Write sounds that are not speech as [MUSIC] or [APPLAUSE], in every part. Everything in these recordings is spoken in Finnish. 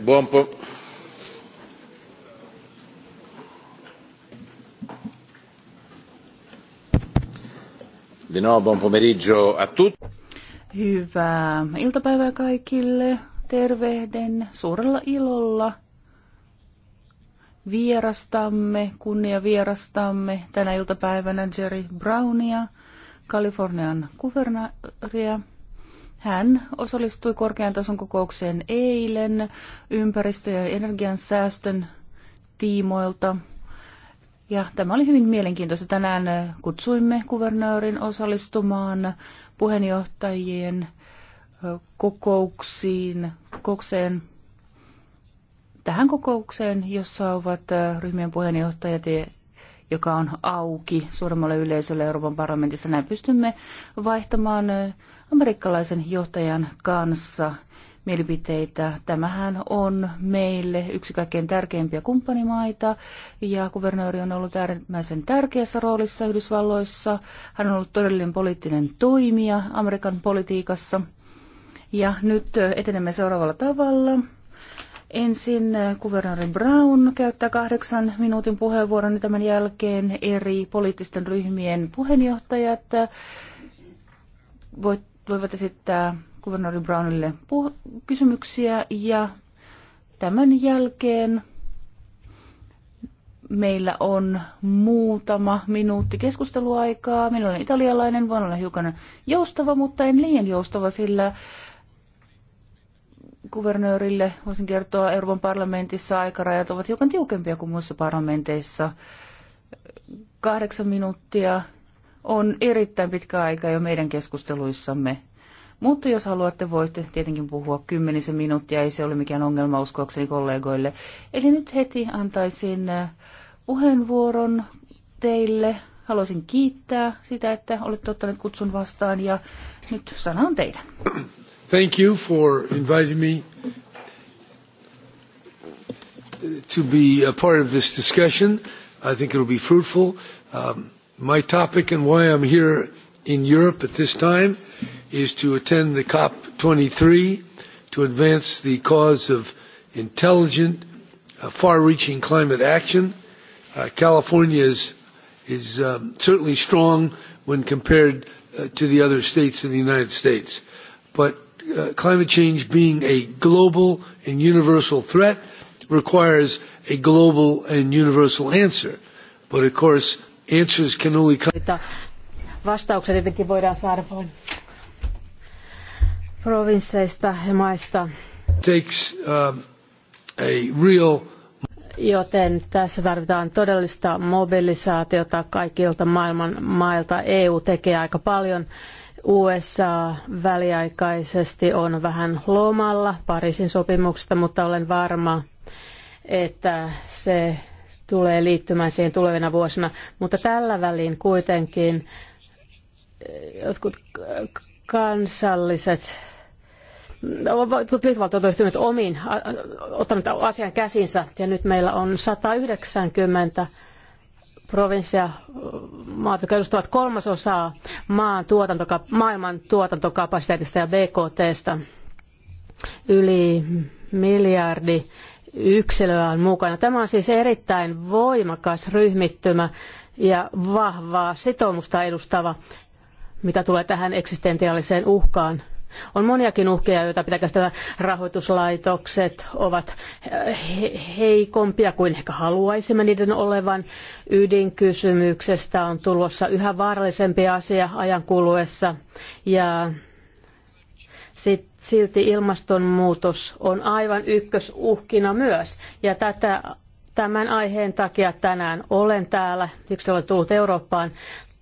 Buon po- Di nuovo buon pomeriggio a tutti. Hyvää iltapäivää kaikille. Tervehden suurella ilolla vierastamme, kunnia vierastamme tänä iltapäivänä Jerry Brownia, Kalifornian kuvernaaria. Hän osallistui korkean tason kokoukseen eilen ympäristö- ja energiansäästön tiimoilta. Ja tämä oli hyvin mielenkiintoista. Tänään kutsuimme kuvernöörin osallistumaan puheenjohtajien kokouksiin, kokoukseen tähän kokoukseen, jossa ovat äh, ryhmien puheenjohtajat, e, joka on auki suuremmalle yleisölle Euroopan parlamentissa. Näin pystymme vaihtamaan äh, amerikkalaisen johtajan kanssa mielipiteitä. Tämähän on meille yksi kaikkein tärkeimpiä kumppanimaita ja kuvernööri on ollut äärimmäisen tärkeässä roolissa Yhdysvalloissa. Hän on ollut todellinen poliittinen toimija Amerikan politiikassa. Ja nyt äh, etenemme seuraavalla tavalla. Ensin eh, kuvernööri Brown käyttää kahdeksan minuutin puheenvuoron ja niin tämän jälkeen eri poliittisten ryhmien puheenjohtajat eh, voivat esittää kuvernööri Brownille kysymyksiä ja tämän jälkeen meillä on muutama minuutti keskusteluaikaa. Minulla on italialainen, voin olla hiukan joustava, mutta en liian joustava, sillä Kuvernöörille voisin kertoa, Euroopan parlamentissa aikarajat ovat hiukan tiukempia kuin muissa parlamenteissa. Kahdeksan minuuttia on erittäin pitkä aika jo meidän keskusteluissamme. Mutta jos haluatte, voitte tietenkin puhua kymmenisen minuuttia, ei se ole mikään ongelma uskoakseni kollegoille. Eli nyt heti antaisin äh, puheenvuoron teille. Haluaisin kiittää sitä, että olette ottaneet kutsun vastaan ja nyt sana on teidän. Thank you for inviting me to be a part of this discussion. I think it will be fruitful. Um, my topic and why I'm here in Europe at this time is to attend the COP23 to advance the cause of intelligent, uh, far-reaching climate action. Uh, California is, is um, certainly strong when compared uh, to the other states in the United States. But uh, climate change being a global and universal threat, requires a global and universal answer. But of course, answers can only come... Vastaukset tietenkin voidaan saada vain provinsseista ja maista. Takes, um, a real... Joten tässä tarvitaan todellista mobilisaatiota kaikilta maailman mailta. EU tekee aika paljon. USA väliaikaisesti on vähän lomalla Pariisin sopimuksesta, mutta olen varma, että se tulee liittymään siihen tulevina vuosina. Mutta tällä välin kuitenkin eh, jotkut kansalliset no, Liittovaltio on ryhtynyt omiin, ottanut asian käsinsä ja nyt meillä on 190 provinssia maat, jotka edustavat kolmasosaa maan tuotantoka- maailman tuotantokapasiteetista ja BKTstä. Yli miljardi yksilöä on mukana. Tämä on siis erittäin voimakas ryhmittymä ja vahvaa sitoumusta edustava, mitä tulee tähän eksistentiaaliseen uhkaan. On moniakin uhkia, joita pitää käsitellä. Rahoituslaitokset ovat heikompia kuin ehkä haluaisimme niiden olevan. Ydinkysymyksestä on tulossa yhä vaarallisempi asia ajan kuluessa. Ja sitten Silti ilmastonmuutos on aivan ykkösuhkina myös. Ja tätä, tämän aiheen takia tänään olen täällä, siksi olen tullut Eurooppaan.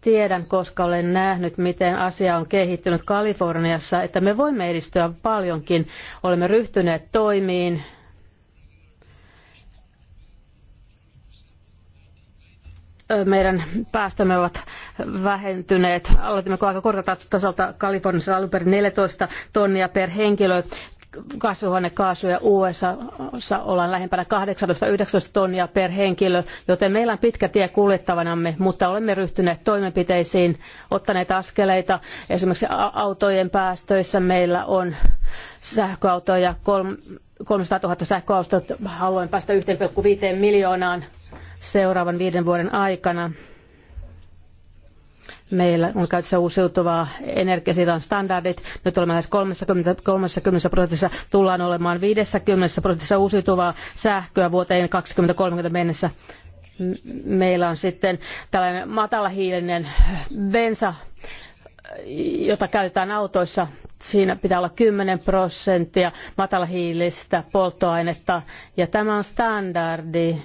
Tiedän, koska olen nähnyt, miten asia on kehittynyt Kaliforniassa, että me voimme edistyä paljonkin. Olemme ryhtyneet toimiin, meidän päästömme ovat vähentyneet. Aloitimme aika korkealta tasolta Kaliforniassa alun perin 14 tonnia per henkilö kasvihuonekaasuja USA ollaan lähempänä 18-19 tonnia per henkilö, joten meillä on pitkä tie kuljettavanamme, mutta olemme ryhtyneet toimenpiteisiin, ottaneet askeleita. Esimerkiksi autojen päästöissä meillä on sähköautoja, 300 000 sähköautoa, haluamme päästä 1,5 miljoonaan seuraavan viiden vuoden aikana. Meillä on käytössä uusiutuvaa energiaa, siitä on standardit. Nyt olemme lähes 30, 30 prosentissa, tullaan olemaan 50 prosentissa uusiutuvaa sähköä vuoteen 2030 mennessä. Meillä on sitten tällainen matalahiilinen bensa, jota käytetään autoissa. Siinä pitää olla 10 prosenttia matalahiilistä polttoainetta ja tämä on standardi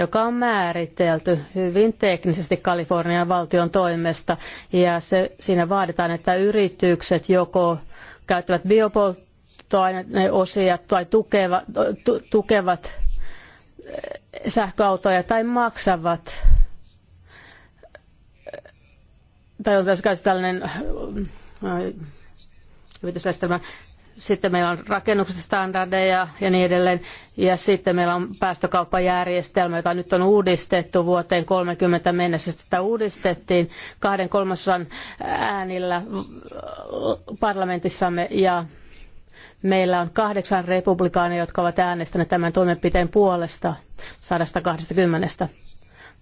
joka on määritelty hyvin teknisesti Kalifornian valtion toimesta. Ja se, siinä vaaditaan, että yritykset joko käyttävät biopolttoaineosia tai tukeva, tu, tukevat eh, sähköautoja tai maksavat eh, tai jos käytetään tällainen eh, yritysjärjestelmä, sitten meillä on rakennuksen standardeja ja niin edelleen. Ja sitten meillä on päästökauppajärjestelmä, jota nyt on uudistettu vuoteen 30 mennessä. Sitä uudistettiin kahden kolmasosan äänillä parlamentissamme ja meillä on kahdeksan republikaania, jotka ovat äänestäneet tämän toimenpiteen puolesta 120.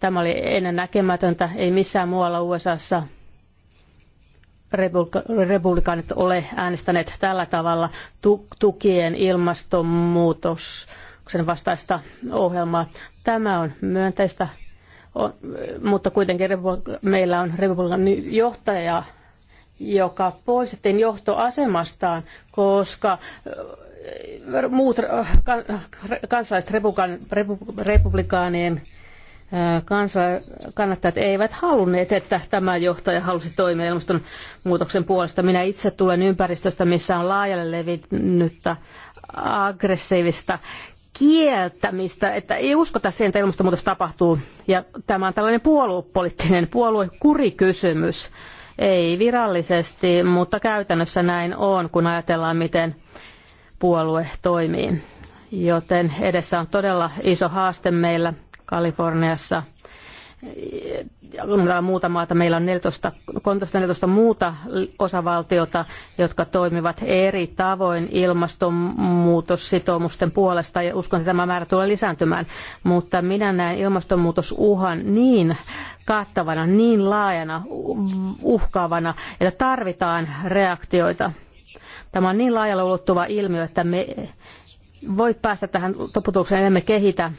Tämä oli ennen näkemätöntä, ei missään muualla USAssa republikaanit ole äänestäneet tällä tavalla tukien ilmastonmuutoksen vastaista ohjelmaa. Tämä on myönteistä, mutta kuitenkin meillä on republikaanin johtaja, joka poistettiin johtoasemastaan, koska muut kansalaiset republikaanien kansa- kannattajat eivät halunneet, että tämä johtaja halusi toimia ilmastonmuutoksen puolesta. Minä itse tulen ympäristöstä, missä on laajalle levinnyttä aggressiivista kieltämistä, että ei uskota siihen, että ilmastonmuutos tapahtuu. Ja tämä on tällainen puoluepoliittinen puoluekurikysymys. Ei virallisesti, mutta käytännössä näin on, kun ajatellaan, miten puolue toimii. Joten edessä on todella iso haaste meillä – Kaliforniassa. On muuta maata. Meillä on 14, 14 muuta osavaltiota, jotka toimivat eri tavoin ilmastonmuutossitoumusten puolesta ja uskon, että tämä määrä tulee lisääntymään. Mutta minä näen ilmastonmuutosuhan niin kattavana, niin laajana, uhkaavana, että tarvitaan reaktioita. Tämä on niin laajalla ulottuva ilmiö, että me voi päästä tähän toputukseen, että me kehitä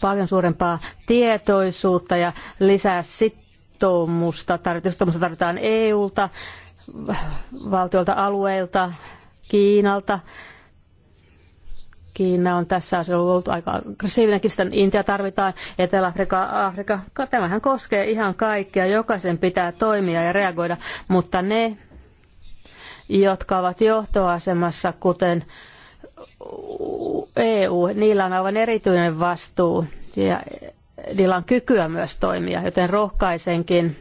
paljon suurempaa tietoisuutta ja lisää sitoumusta. Sitoumusta tarvitaan EUlta, valtiolta, alueilta, Kiinalta. Kiina on tässä asiassa ollut aika aggressiivinenkin, sitten Intia tarvitaan, Etelä-Afrika, Afrika, tämähän koskee ihan kaikkia, jokaisen pitää toimia ja reagoida, mutta ne, jotka ovat johtoasemassa, kuten EU, niillä on aivan erityinen vastuu ja niillä on kykyä myös toimia, joten rohkaisenkin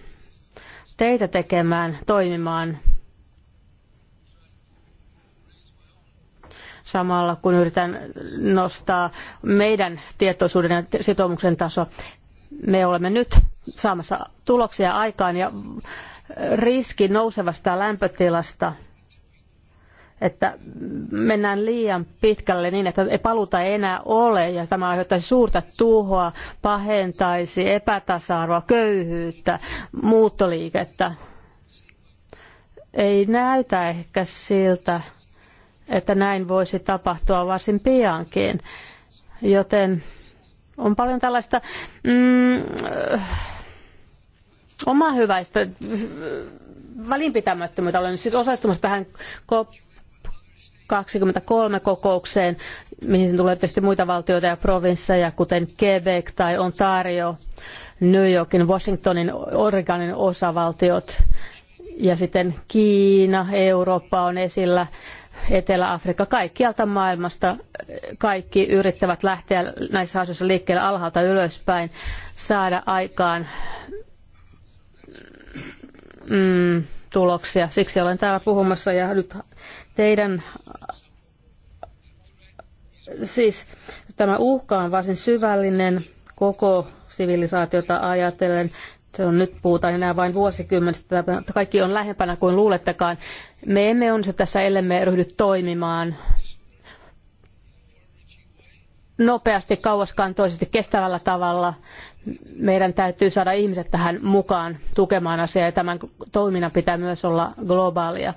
teitä tekemään, toimimaan samalla kun yritän nostaa meidän tietoisuuden ja sitoumuksen taso. Me olemme nyt saamassa tuloksia aikaan ja riski nousevasta lämpötilasta että mennään liian pitkälle niin, että e- paluta ei enää ole ja tämä aiheuttaisi suurta tuhoa, pahentaisi epätasa-arvoa, köyhyyttä, muuttoliikettä. Ei näytä ehkä siltä, että näin voisi tapahtua varsin piankin, joten on paljon tällaista mm, omahyväistä välinpitämättömyyttä. Olen siis osallistumassa tähän 23 kokoukseen, mihin tulee tietysti muita valtioita ja provinsseja, kuten Quebec tai Ontario, New Yorkin, Washingtonin, Oregonin osavaltiot. Ja sitten Kiina, Eurooppa on esillä, Etelä-Afrikka, kaikkialta maailmasta kaikki yrittävät lähteä näissä asioissa liikkeelle alhaalta ylöspäin, saada aikaan mm, tuloksia. Siksi olen täällä puhumassa ja nyt teidän siis tämä uhka on varsin syvällinen koko sivilisaatiota ajatellen. Se on nyt puhutaan enää vain vuosikymmenestä. Kaikki on lähempänä kuin luulettekaan. Me emme se tässä, ellemme ryhdy toimimaan nopeasti, kauaskantoisesti, kestävällä tavalla meidän täytyy saada ihmiset tähän mukaan tukemaan asiaa ja tämän toiminnan pitää myös olla globaalia.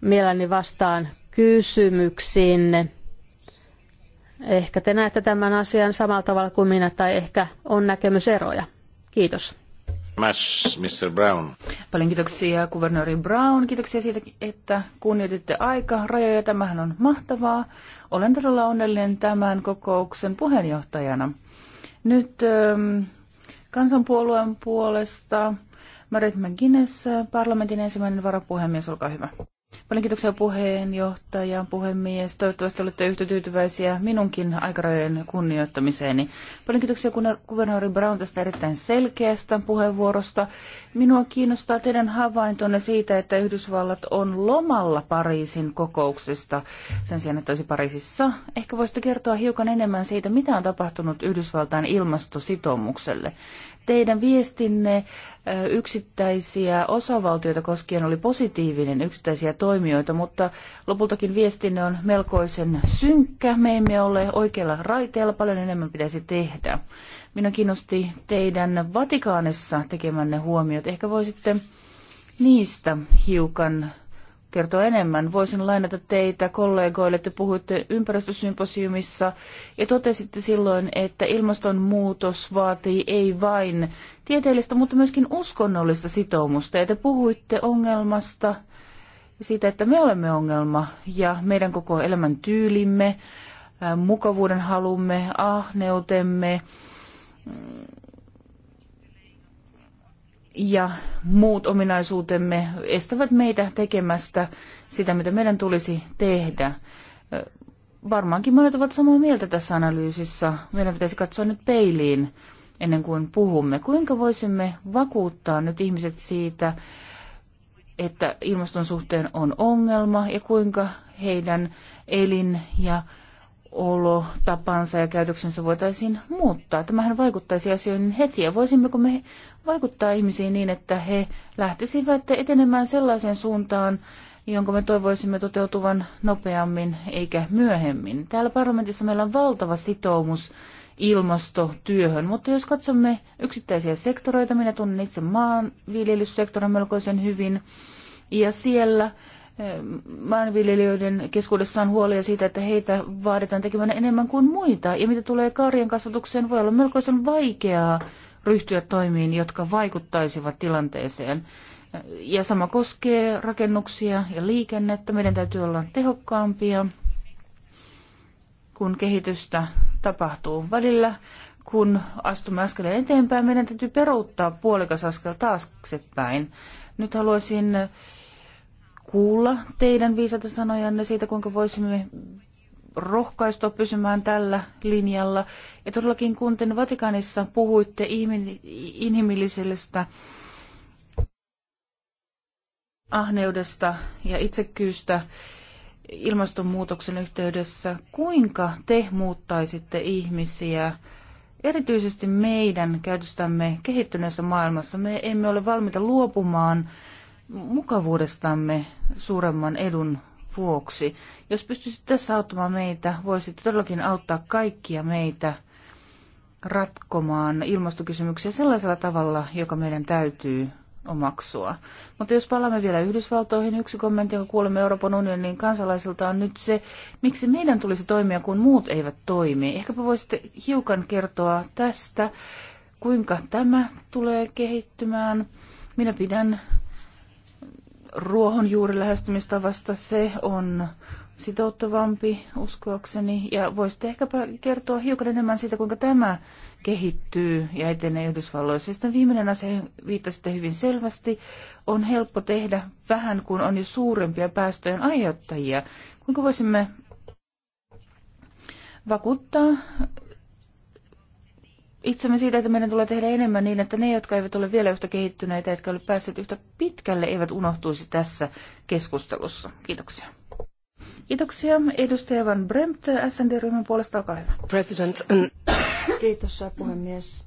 Mielelläni vastaan kysymyksiinne. Ehkä te näette tämän asian samalla tavalla kuin minä tai ehkä on näkemyseroja. Kiitos. Mr. Brown. Paljon kiitoksia kuvernööri Brown. Kiitoksia siitä, että kunnioititte aika rajoja. Tämähän on mahtavaa. Olen todella onnellinen tämän kokouksen puheenjohtajana. Nyt ähm, kansanpuolueen puolesta Marit McGuinness, äh, parlamentin ensimmäinen varapuhemies, olkaa hyvä. Paljon kiitoksia puheenjohtajan, puhemies. Toivottavasti olette yhtä tyytyväisiä minunkin aikarajojen kunnioittamiseeni. Paljon kiitoksia kuvernööri Brown tästä erittäin selkeästä puheenvuorosta. Minua kiinnostaa teidän havaintonne siitä, että Yhdysvallat on lomalla Pariisin kokouksesta sen sijaan, että olisi Pariisissa. Ehkä voisitte kertoa hiukan enemmän siitä, mitä on tapahtunut Yhdysvaltain ilmastositoumukselle. Teidän viestinne yksittäisiä osavaltioita koskien oli positiivinen yksittäisiä toimijoita, mutta lopultakin viestinne on melkoisen synkkä. Me emme ole oikealla raiteella, paljon enemmän pitäisi tehdä. Minä kiinnosti teidän Vatikaanissa tekemänne huomiot. Ehkä voisitte niistä hiukan kertoa enemmän. Voisin lainata teitä kollegoille. Te puhuitte ympäristösymposiumissa ja totesitte silloin, että ilmastonmuutos vaatii ei vain tieteellistä, mutta myöskin uskonnollista sitoumusta. Ja te puhuitte ongelmasta siitä, että me olemme ongelma ja meidän koko elämän tyylimme, mukavuuden halumme, ahneutemme, ja muut ominaisuutemme estävät meitä tekemästä sitä, mitä meidän tulisi tehdä. Varmaankin monet ovat samaa mieltä tässä analyysissä. Meidän pitäisi katsoa nyt peiliin ennen kuin puhumme. Kuinka voisimme vakuuttaa nyt ihmiset siitä, että ilmaston suhteen on ongelma ja kuinka heidän elin- ja olotapansa ja käytöksensä voitaisiin muuttaa. Tämähän vaikuttaisi asioihin heti ja voisimmeko me vaikuttaa ihmisiin niin, että he lähtisivät etenemään sellaiseen suuntaan, jonka me toivoisimme toteutuvan nopeammin eikä myöhemmin. Täällä parlamentissa meillä on valtava sitoumus ilmastotyöhön, mutta jos katsomme yksittäisiä sektoreita, minä tunnen itse maanviljelyssektorin melkoisen hyvin, ja siellä maanviljelijöiden keskuudessa on huolia siitä, että heitä vaaditaan tekemään enemmän kuin muita. Ja mitä tulee karjan kasvatukseen, voi olla melkoisen vaikeaa ryhtyä toimiin, jotka vaikuttaisivat tilanteeseen. Ja sama koskee rakennuksia ja liikennettä. Meidän täytyy olla tehokkaampia, kun kehitystä tapahtuu välillä. Kun astumme askeleen eteenpäin, meidän täytyy peruuttaa puolikas askel taaksepäin. Nyt haluaisin kuulla teidän viisata sanojanne siitä, kuinka voisimme rohkaistua pysymään tällä linjalla. Ja todellakin kun te Vatikaanissa puhuitte inhimillisestä ahneudesta ja itsekkyystä ilmastonmuutoksen yhteydessä, kuinka te muuttaisitte ihmisiä erityisesti meidän käytöstämme kehittyneessä maailmassa? Me emme ole valmiita luopumaan mukavuudestamme suuremman edun vuoksi. Jos pystyisit tässä auttamaan meitä, voisit todellakin auttaa kaikkia meitä ratkomaan ilmastokysymyksiä sellaisella tavalla, joka meidän täytyy omaksua. Mutta jos palaamme vielä Yhdysvaltoihin, yksi kommentti, jonka kuulemme Euroopan unionin kansalaisilta on nyt se, miksi meidän tulisi toimia, kun muut eivät toimi. Ehkäpä voisitte hiukan kertoa tästä, kuinka tämä tulee kehittymään. Minä pidän ruohonjuurilähestymistavasta. Se on sitouttavampi uskoakseni. Ja voisitte ehkäpä kertoa hiukan enemmän siitä, kuinka tämä kehittyy ja etenee Yhdysvalloissa. Sitten viimeinen asia, viittasitte hyvin selvästi, on helppo tehdä vähän, kun on jo suurempia päästöjen aiheuttajia. Kuinka voisimme vakuuttaa itsemme siitä, että meidän tulee tehdä enemmän niin, että ne, jotka eivät ole vielä yhtä kehittyneitä, jotka ole päässeet yhtä pitkälle, eivät unohtuisi tässä keskustelussa. Kiitoksia. Kiitoksia. Edustaja Van Bremt, SND-ryhmän puolesta, olkaa hyvä. President. Kiitos, puhemies.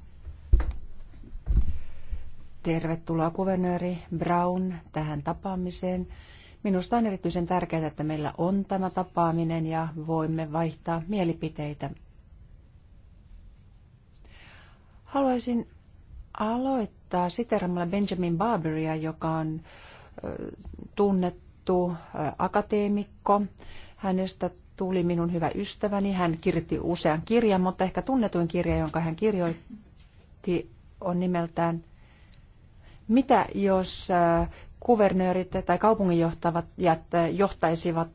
Tervetuloa kuvernööri Brown tähän tapaamiseen. Minusta on erityisen tärkeää, että meillä on tämä tapaaminen ja voimme vaihtaa mielipiteitä Haluaisin aloittaa siteramalla Benjamin Barberia, joka on tunnettu akateemikko. Hänestä tuli minun hyvä ystäväni. Hän kirjoitti usean kirjan, mutta ehkä tunnetuin kirja, jonka hän kirjoitti, on nimeltään Mitä jos kuvernöörit tai kaupunginjohtajat johtaisivat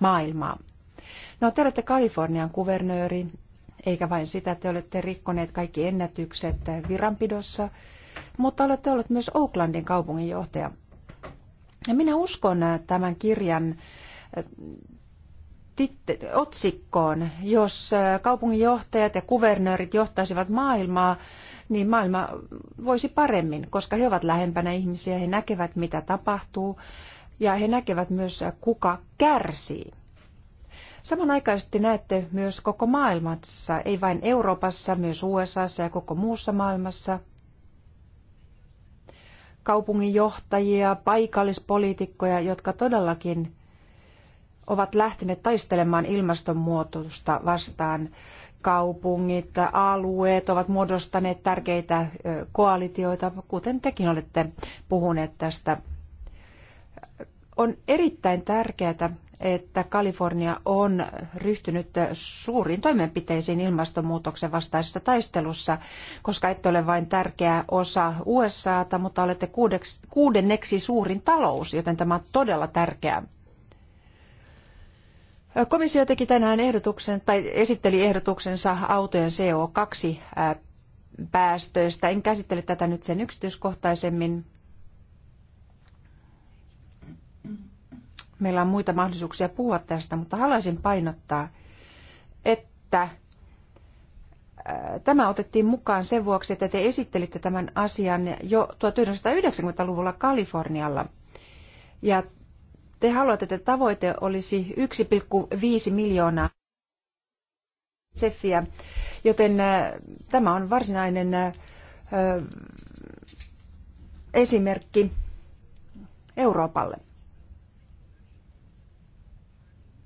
maailmaa? No, te olette Kalifornian kuvernööri eikä vain sitä, että olette rikkoneet kaikki ennätykset viranpidossa, mutta olette olleet myös Oaklandin kaupunginjohtaja. Ja minä uskon tämän kirjan eh, otsikkoon, jos eh, kaupunginjohtajat ja kuvernöörit johtaisivat maailmaa, niin maailma voisi paremmin, koska he ovat lähempänä ihmisiä, he näkevät mitä tapahtuu ja he näkevät myös kuka kärsii. Samanaikaisesti näette myös koko maailmassa, ei vain Euroopassa, myös USAssa ja koko muussa maailmassa, kaupunginjohtajia, paikallispoliitikkoja, jotka todellakin ovat lähteneet taistelemaan ilmastonmuutosta vastaan. Kaupungit, alueet ovat muodostaneet tärkeitä koalitioita, kuten tekin olette puhuneet tästä. On erittäin tärkeää että Kalifornia on ryhtynyt suuriin toimenpiteisiin ilmastonmuutoksen vastaisessa taistelussa, koska ette ole vain tärkeä osa USAta, mutta olette kuudeksi, kuudenneksi suurin talous, joten tämä on todella tärkeää. Komissio teki tänään ehdotuksen, tai esitteli ehdotuksensa autojen CO2 päästöistä. En käsittele tätä nyt sen yksityiskohtaisemmin, Meillä on muita mahdollisuuksia puhua tästä, mutta haluaisin painottaa, että äh, tämä otettiin mukaan sen vuoksi, että te esittelitte tämän asian jo 1990-luvulla Kalifornialla. Ja te haluatte, että tavoite olisi 1,5 miljoonaa seffiä, joten äh, tämä on varsinainen äh, esimerkki Euroopalle.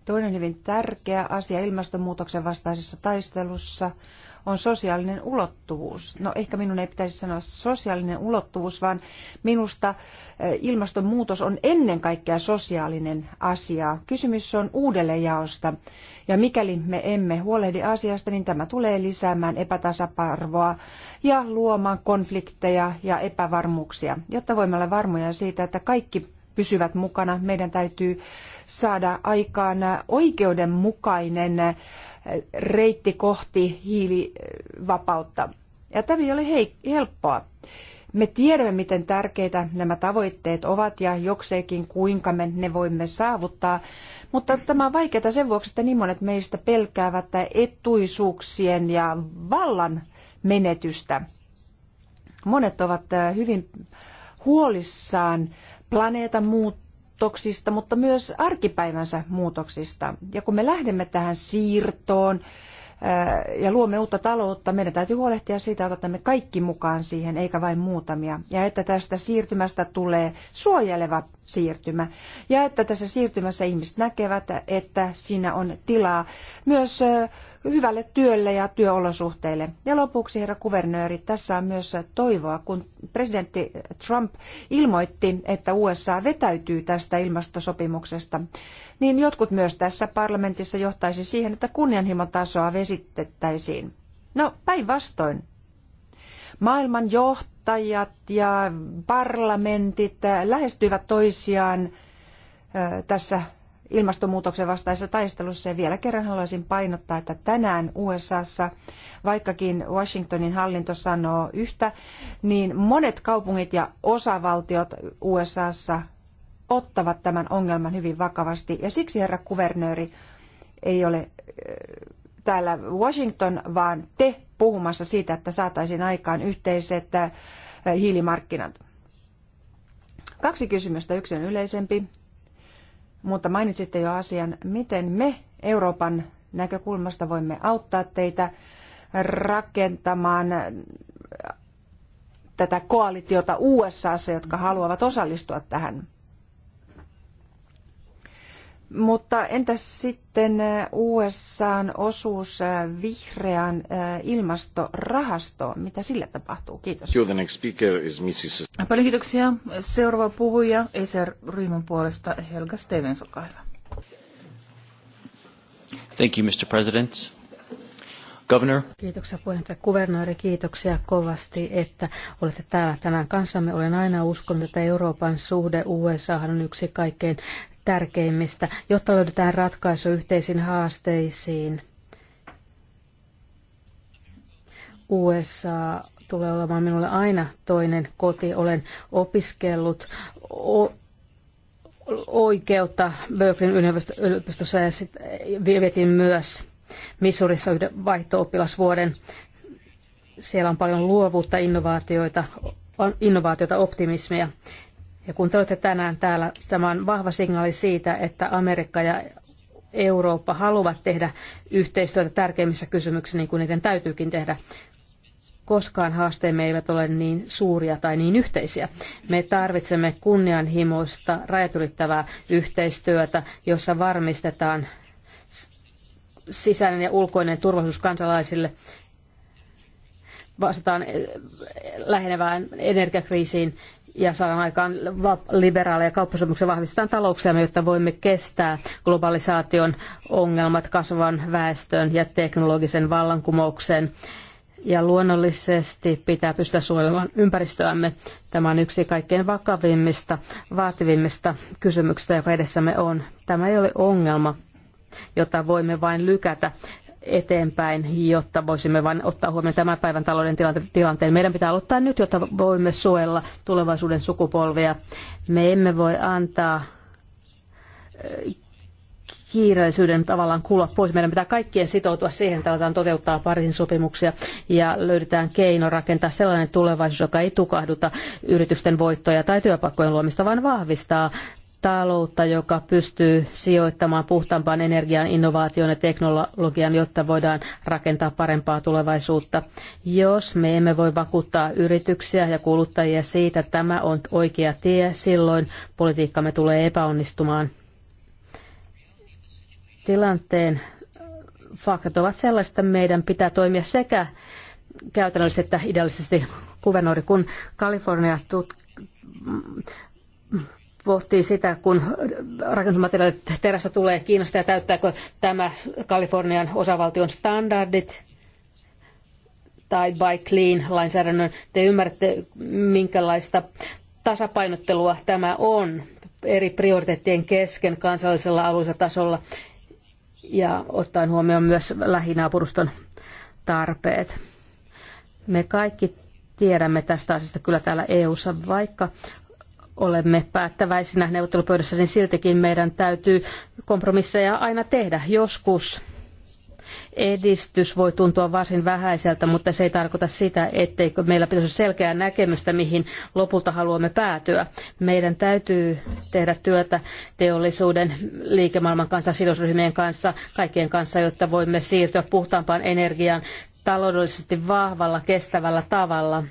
Toinen hyvin tärkeä asia ilmastonmuutoksen vastaisessa taistelussa on sosiaalinen ulottuvuus. No ehkä minun ei pitäisi sanoa sosiaalinen ulottuvuus, vaan minusta e, ilmastonmuutos on ennen kaikkea sosiaalinen asia. Kysymys on uudelleenjaosta ja mikäli me emme huolehdi asiasta, niin tämä tulee lisäämään epätasaparvoa ja luomaan konflikteja ja epävarmuuksia, jotta voimme olla varmoja siitä, että kaikki pysyvät mukana. Meidän täytyy saada aikaan oikeudenmukainen reitti kohti hiilivapautta. Ja tämä ei ole helppoa. Me tiedämme, miten tärkeitä nämä tavoitteet ovat ja jokseenkin kuinka me ne voimme saavuttaa, mutta tämä on vaikeaa sen vuoksi, että niin monet meistä pelkäävät etuisuuksien ja vallan menetystä. Monet ovat hyvin huolissaan planeetan muutoksista, mutta myös arkipäivänsä muutoksista. Ja kun me lähdemme tähän siirtoon äh, ja luomme uutta taloutta, meidän täytyy huolehtia siitä, että otamme kaikki mukaan siihen, eikä vain muutamia. Ja että tästä siirtymästä tulee suojeleva siirtymä. Ja että tässä siirtymässä ihmiset näkevät, että siinä on tilaa myös äh, hyvälle työlle ja työolosuhteille. Ja lopuksi, herra kuvernööri, tässä on myös toivoa, kun presidentti Trump ilmoitti, että USA vetäytyy tästä ilmastosopimuksesta, niin jotkut myös tässä parlamentissa johtaisi siihen, että tasoa vesitettäisiin. No, päinvastoin. Maailman johtajat ja parlamentit lähestyivät toisiaan tässä ilmastonmuutoksen vastaisessa taistelussa. Ja vielä kerran haluaisin painottaa, että tänään USAssa, vaikkakin Washingtonin hallinto sanoo yhtä, niin monet kaupungit ja osavaltiot USAssa ottavat tämän ongelman hyvin vakavasti. Ja siksi herra kuvernööri ei ole täällä Washington, vaan te puhumassa siitä, että saataisiin aikaan yhteiset hiilimarkkinat. Kaksi kysymystä. Yksi on yleisempi mutta mainitsitte jo asian, miten me Euroopan näkökulmasta voimme auttaa teitä rakentamaan tätä koalitiota USA, jotka haluavat osallistua tähän. Mutta entäs sitten eh, USAn osuus eh, vihreään eh, ilmastorahastoon? Mitä sillä tapahtuu? Kiitos. The next speaker is Mrs. Paljon kiitoksia. Seuraava puhuja ESER-ryhmän puolesta Helga Stevens, olkaa hyvä. Thank you, Mr. President. Governor. Kiitoksia puheenjohtaja kuvernööri, kiitoksia kovasti, että olette täällä tänään kanssamme. Olen aina uskonut, että Euroopan suhde USA on yksi kaikkein tärkeimmistä, jotta löydetään ratkaisu yhteisiin haasteisiin. USA tulee olemaan minulle aina toinen koti. Olen opiskellut oikeutta Berkeleyn yliopistossa ja sitten eh, vietin myös Missourissa yhden vaihto-oppilasvuoden. Siellä on paljon luovuutta, innovaatioita, innovaatiota, optimismia ja kun te olette tänään täällä, tämä on vahva signaali siitä, että Amerikka ja Eurooppa haluavat tehdä yhteistyötä tärkeimmissä kysymyksissä, niin kuin niiden täytyykin tehdä. Koskaan haasteemme eivät ole niin suuria tai niin yhteisiä. Me tarvitsemme kunnianhimoista, rajat yhteistyötä, jossa varmistetaan sisäinen ja ulkoinen turvallisuus kansalaisille, vastataan eh, lähenevään energiakriisiin ja saadaan aikaan liberaaleja kauppasopimuksia, vahvistetaan talouksiamme, jotta voimme kestää globalisaation ongelmat, kasvavan väestön ja teknologisen vallankumouksen. Ja luonnollisesti pitää pystyä suojelemaan ympäristöämme. Tämä on yksi kaikkein vakavimmista, vaativimmista kysymyksistä, joka edessämme on. Tämä ei ole ongelma, jota voimme vain lykätä eteenpäin, jotta voisimme vain ottaa huomioon tämän päivän talouden tilanteen. Meidän pitää aloittaa nyt, jotta voimme suojella tulevaisuuden sukupolvia. Me emme voi antaa eh, kiireellisyyden tavallaan kuulla pois. Meidän pitää kaikkien sitoutua siihen, että aletaan toteuttaa Pariisin sopimuksia ja löydetään keino rakentaa sellainen tulevaisuus, joka ei tukahduta yritysten voittoja tai työpaikkojen luomista, vaan vahvistaa taloutta, joka pystyy sijoittamaan puhtaampaan energiaan, innovaatioon ja teknologiaan, jotta voidaan rakentaa parempaa tulevaisuutta. Jos me emme voi vakuuttaa yrityksiä ja kuluttajia siitä, että tämä on oikea tie, silloin politiikkamme tulee epäonnistumaan. Tilanteen faktat ovat sellaiset, että meidän pitää toimia sekä käytännöllisesti että idealisesti. kuvernööri, kun Kalifornia tut- pohtii sitä, kun rakennusmateriaalit terästä tulee Kiinasta ja täyttääkö tämä Kalifornian osavaltion standardit tai by clean lainsäädännön. Te ymmärrätte, minkälaista tasapainottelua tämä on eri prioriteettien kesken kansallisella alueellisella tasolla ja ottaen huomioon myös lähinaapuruston tarpeet. Me kaikki tiedämme tästä asiasta kyllä täällä EU:ssa, vaikka olemme päättäväisinä neuvottelupöydässä, niin siltikin meidän täytyy kompromisseja aina tehdä. Joskus edistys voi tuntua varsin vähäiseltä, mutta se ei tarkoita sitä, etteikö meillä pitäisi olla selkeää näkemystä, mihin lopulta haluamme päätyä. Meidän täytyy tehdä työtä teollisuuden, liikemaailman kanssa, sidosryhmien kanssa, kaikkien kanssa, jotta voimme siirtyä puhtaampaan energiaan taloudellisesti vahvalla, kestävällä tavalla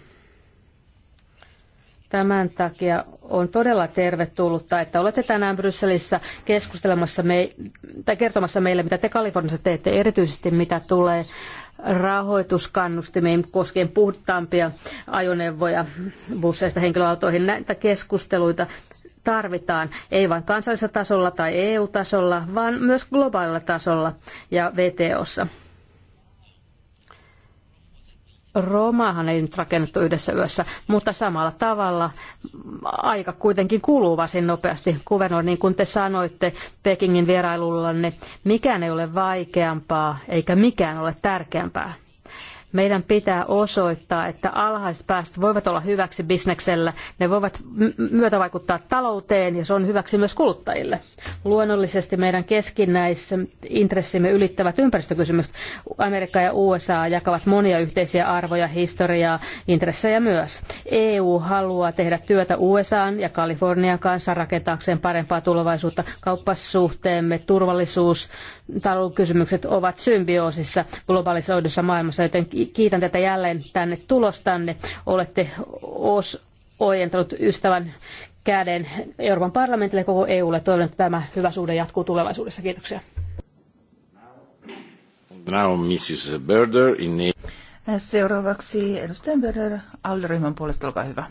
Tämän takia on todella tervetullutta, että olette tänään Brysselissä keskustelemassa me, tai kertomassa meille, mitä te Kaliforniassa teette, erityisesti mitä tulee rahoituskannustimiin koskien puhtaampia ajoneuvoja busseista henkilöautoihin. Näitä keskusteluita tarvitaan ei vain kansallisella tasolla tai EU-tasolla, vaan myös globaalilla tasolla ja VTOssa. Romaahan ei nyt rakennettu yhdessä yössä, mutta samalla tavalla aika kuitenkin kuluu varsin nopeasti. Kuvernor, niin kuin te sanoitte Pekingin vierailullanne, niin mikään ei ole vaikeampaa eikä mikään ole tärkeämpää. Meidän pitää osoittaa, että alhaiset päästöt voivat olla hyväksi bisneksellä. Ne voivat myötävaikuttaa talouteen ja se on hyväksi myös kuluttajille. Luonnollisesti meidän keskinäiset intressimme ylittävät ympäristökysymykset. Amerikka ja USA jakavat monia yhteisiä arvoja, historiaa, intressejä myös. EU haluaa tehdä työtä USAn ja Kalifornian kanssa rakentaakseen parempaa tulevaisuutta. Kauppasuhteemme, turvallisuus, talouskysymykset ovat symbioosissa globalisoidussa maailmassa, joten kiitän tätä jälleen tänne tulostanne. Olette os ojentanut ystävän käden Euroopan parlamentille ja koko EUlle. Toivon, että tämä hyvä suhde jatkuu tulevaisuudessa. Kiitoksia. Now Mrs. Berder in... Seuraavaksi edustaja Berder Alderyhmän puolesta, olkaa hyvä.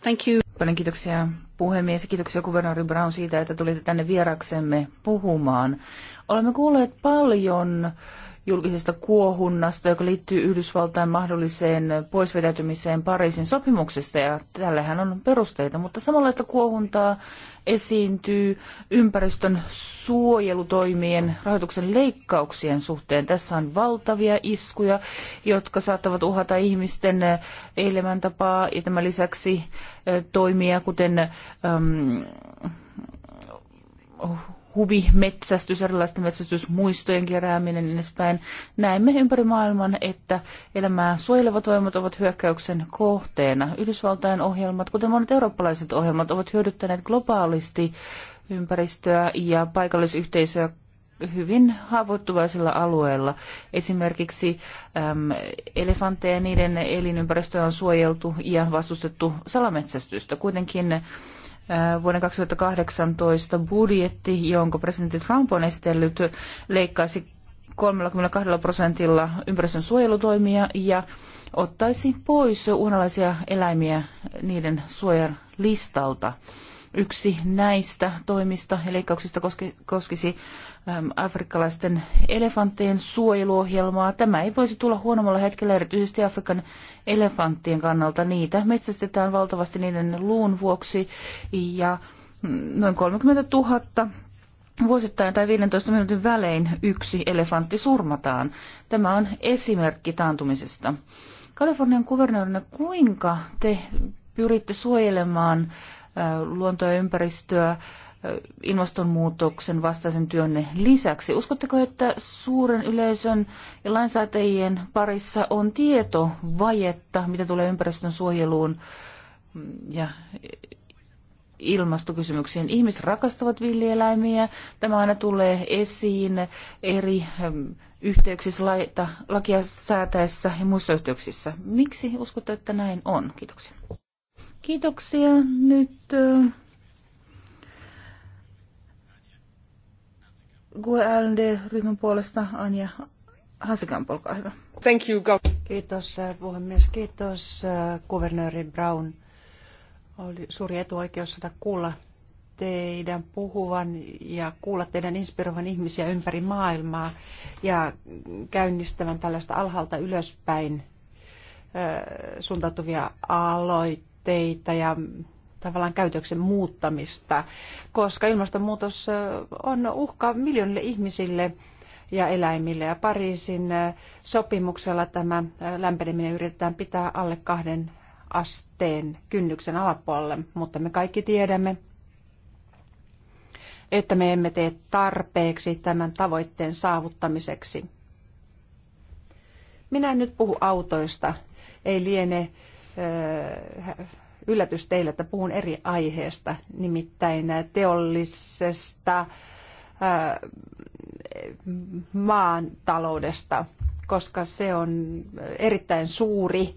Thank you. Paljon kiitoksia puhemies ja kiitoksia kuvernööri Brown siitä, että tulitte tänne vieraksemme puhumaan. Olemme kuulleet paljon äh, julkisesta kuohunnasta, joka liittyy Yhdysvaltain mahdolliseen poisvedäytymiseen Pariisin sopimuksesta, ja tällähän on perusteita, mutta samanlaista kuohuntaa esiintyy ympäristön suojelutoimien rahoituksen leikkauksien suhteen. Tässä on valtavia iskuja, jotka saattavat uhata ihmisten eh, elämäntapaa, ja tämän lisäksi eh, toimia, kuten Um, huvimetsästys, erilaisten metsästysmuistojen kerääminen ja niin edespäin. Näemme ympäri maailman, että elämää suojelevat voimat ovat hyökkäyksen kohteena. Yhdysvaltain ohjelmat, kuten monet eurooppalaiset ohjelmat, ovat hyödyttäneet globaalisti ympäristöä ja paikallisyhteisöä hyvin haavoittuvaisilla alueilla. Esimerkiksi äm, elefantteja niiden elinympäristöä on suojeltu ja vastustettu salametsästystä. Kuitenkin Äh, vuoden 2018 budjetti, jonka presidentti Trump on esitellyt, leikkaisi 32 prosentilla ympäristön suojelutoimia ja ottaisi pois uhanalaisia eläimiä niiden suojan listalta yksi näistä toimista ja leikkauksista koskisi afrikkalaisten elefanttien suojeluohjelmaa. Tämä ei voisi tulla huonommalla hetkellä erityisesti Afrikan elefanttien kannalta. Niitä metsästetään valtavasti niiden luun vuoksi ja mm, noin 30 000 vuosittain tai 15 minuutin välein yksi elefantti surmataan. Tämä on esimerkki taantumisesta. Kalifornian kuvernöörinä, kuinka te pyritte suojelemaan luontoa ja ympäristöä ilmastonmuutoksen vastaisen työnne lisäksi. Uskotteko, että suuren yleisön ja lainsäätäjien parissa on tietovajetta, mitä tulee ympäristön suojeluun mm, ja ilmastokysymyksiin. Ihmiset rakastavat villieläimiä. Tämä aina tulee esiin eri mm, yhteyksissä laita, lakia säätäessä ja muissa yhteyksissä. Miksi uskotte, että näin on? Kiitoksia. Kiitoksia. Nyt äh, GLD-ryhmän puolesta Anja Hasikan, olkaa hyvä. Thank you, Kiitos äh, puhemies. Kiitos äh, kuvernööri Brown. Oli suuri etuoikeus saada kuulla teidän puhuvan ja kuulla teidän inspiroivan ihmisiä ympäri maailmaa ja käynnistävän tällaista alhaalta ylöspäin suuntautuvia aloitteita tavoitteita ja tavallaan käytöksen muuttamista, koska ilmastonmuutos on uhka miljoonille ihmisille ja eläimille. Ja Pariisin sopimuksella tämä lämpeneminen yritetään pitää alle kahden asteen kynnyksen alapuolelle, mutta me kaikki tiedämme, että me emme tee tarpeeksi tämän tavoitteen saavuttamiseksi. Minä en nyt puhu autoista. Ei liene yllätys teille, että puhun eri aiheesta, nimittäin teollisesta maantaloudesta, koska se on erittäin suuri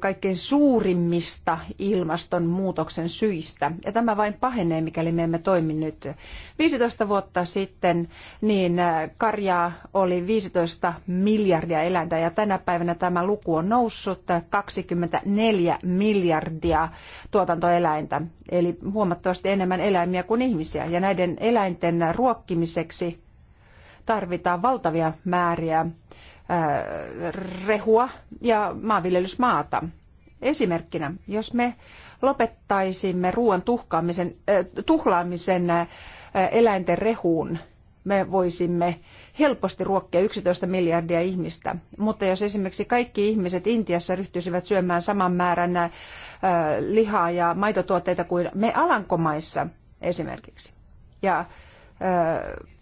kaikkein suurimmista ilmastonmuutoksen syistä. Ja tämä vain pahenee, mikäli me emme toimi nyt. 15 vuotta sitten niin karjaa oli 15 miljardia eläintä ja tänä päivänä tämä luku on noussut 24 miljardia tuotantoeläintä. Eli huomattavasti enemmän eläimiä kuin ihmisiä. Ja näiden eläinten ruokkimiseksi tarvitaan valtavia määriä Äh, rehua ja maanviljelysmaata. Esimerkkinä, jos me lopettaisimme ruoan äh, tuhlaamisen äh, eläinten rehuun, me voisimme helposti ruokkia 11 miljardia ihmistä. Mutta jos esimerkiksi kaikki ihmiset Intiassa ryhtyisivät syömään saman määrän äh, lihaa ja maitotuotteita kuin me Alankomaissa esimerkiksi. Ja äh,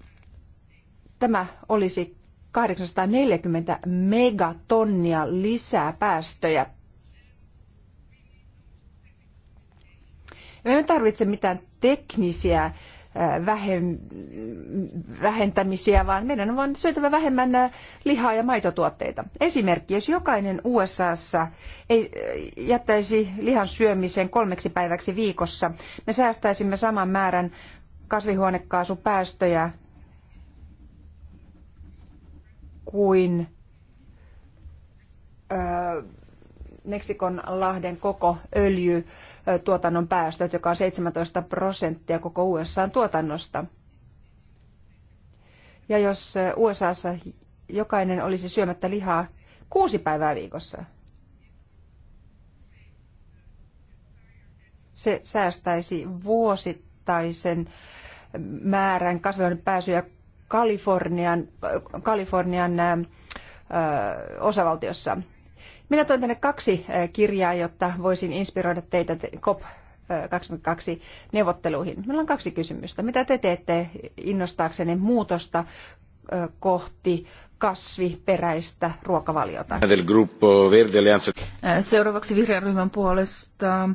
tämä olisi 840 megatonnia lisää päästöjä. Me emme tarvitse mitään teknisiä äh, vähentämisiä, vaan meidän on vain syötävä vähemmän äh, lihaa ja maitotuotteita. Esimerkki, jos jokainen USAssa ei äh, jättäisi lihan syömisen kolmeksi päiväksi viikossa, me säästäisimme saman määrän kasvihuonekaasupäästöjä kuin Meksikon lahden koko öljytuotannon päästöt, joka on 17 prosenttia koko usa tuotannosta. Ja jos USAssa jokainen olisi syömättä lihaa kuusi päivää viikossa, se säästäisi vuosittaisen määrän kasvihuonepäästöjä Kalifornian, Kalifornian osavaltiossa. Minä toin tänne kaksi kirjaa, jotta voisin inspiroida teitä COP 22 neuvotteluihin. Meillä on kaksi kysymystä. Mitä te teette innostaaksenne muutosta kohti kasviperäistä ruokavaliota. Seuraavaksi vihreän ryhmän puolesta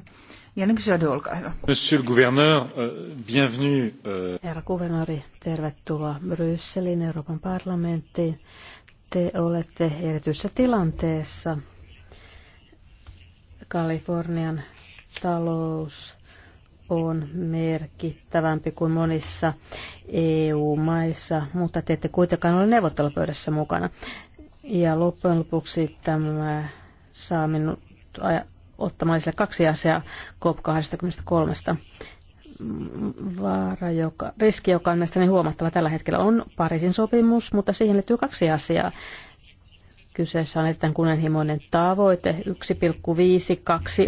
Jannik Jadu, olkaa hyvä. Monsieur le gouverneur, euh, bienvenue. Euh. Herra kuvernööri, tervetuloa Brysselin Euroopan parlamenttiin. Te olette erityisessä tilanteessa. Kalifornian talous on merkittävämpi kuin monissa EU-maissa, mutta te ette kuitenkaan ole neuvottelupöydässä mukana. Ja loppujen lopuksi tämä saa minut ottamaan sille kaksi asiaa COP23. Vaara, joka, riski, joka on mielestäni huomattava tällä hetkellä, on Pariisin sopimus, mutta siihen liittyy kaksi asiaa. Kyseessä on erittäin kunnianhimoinen tavoite,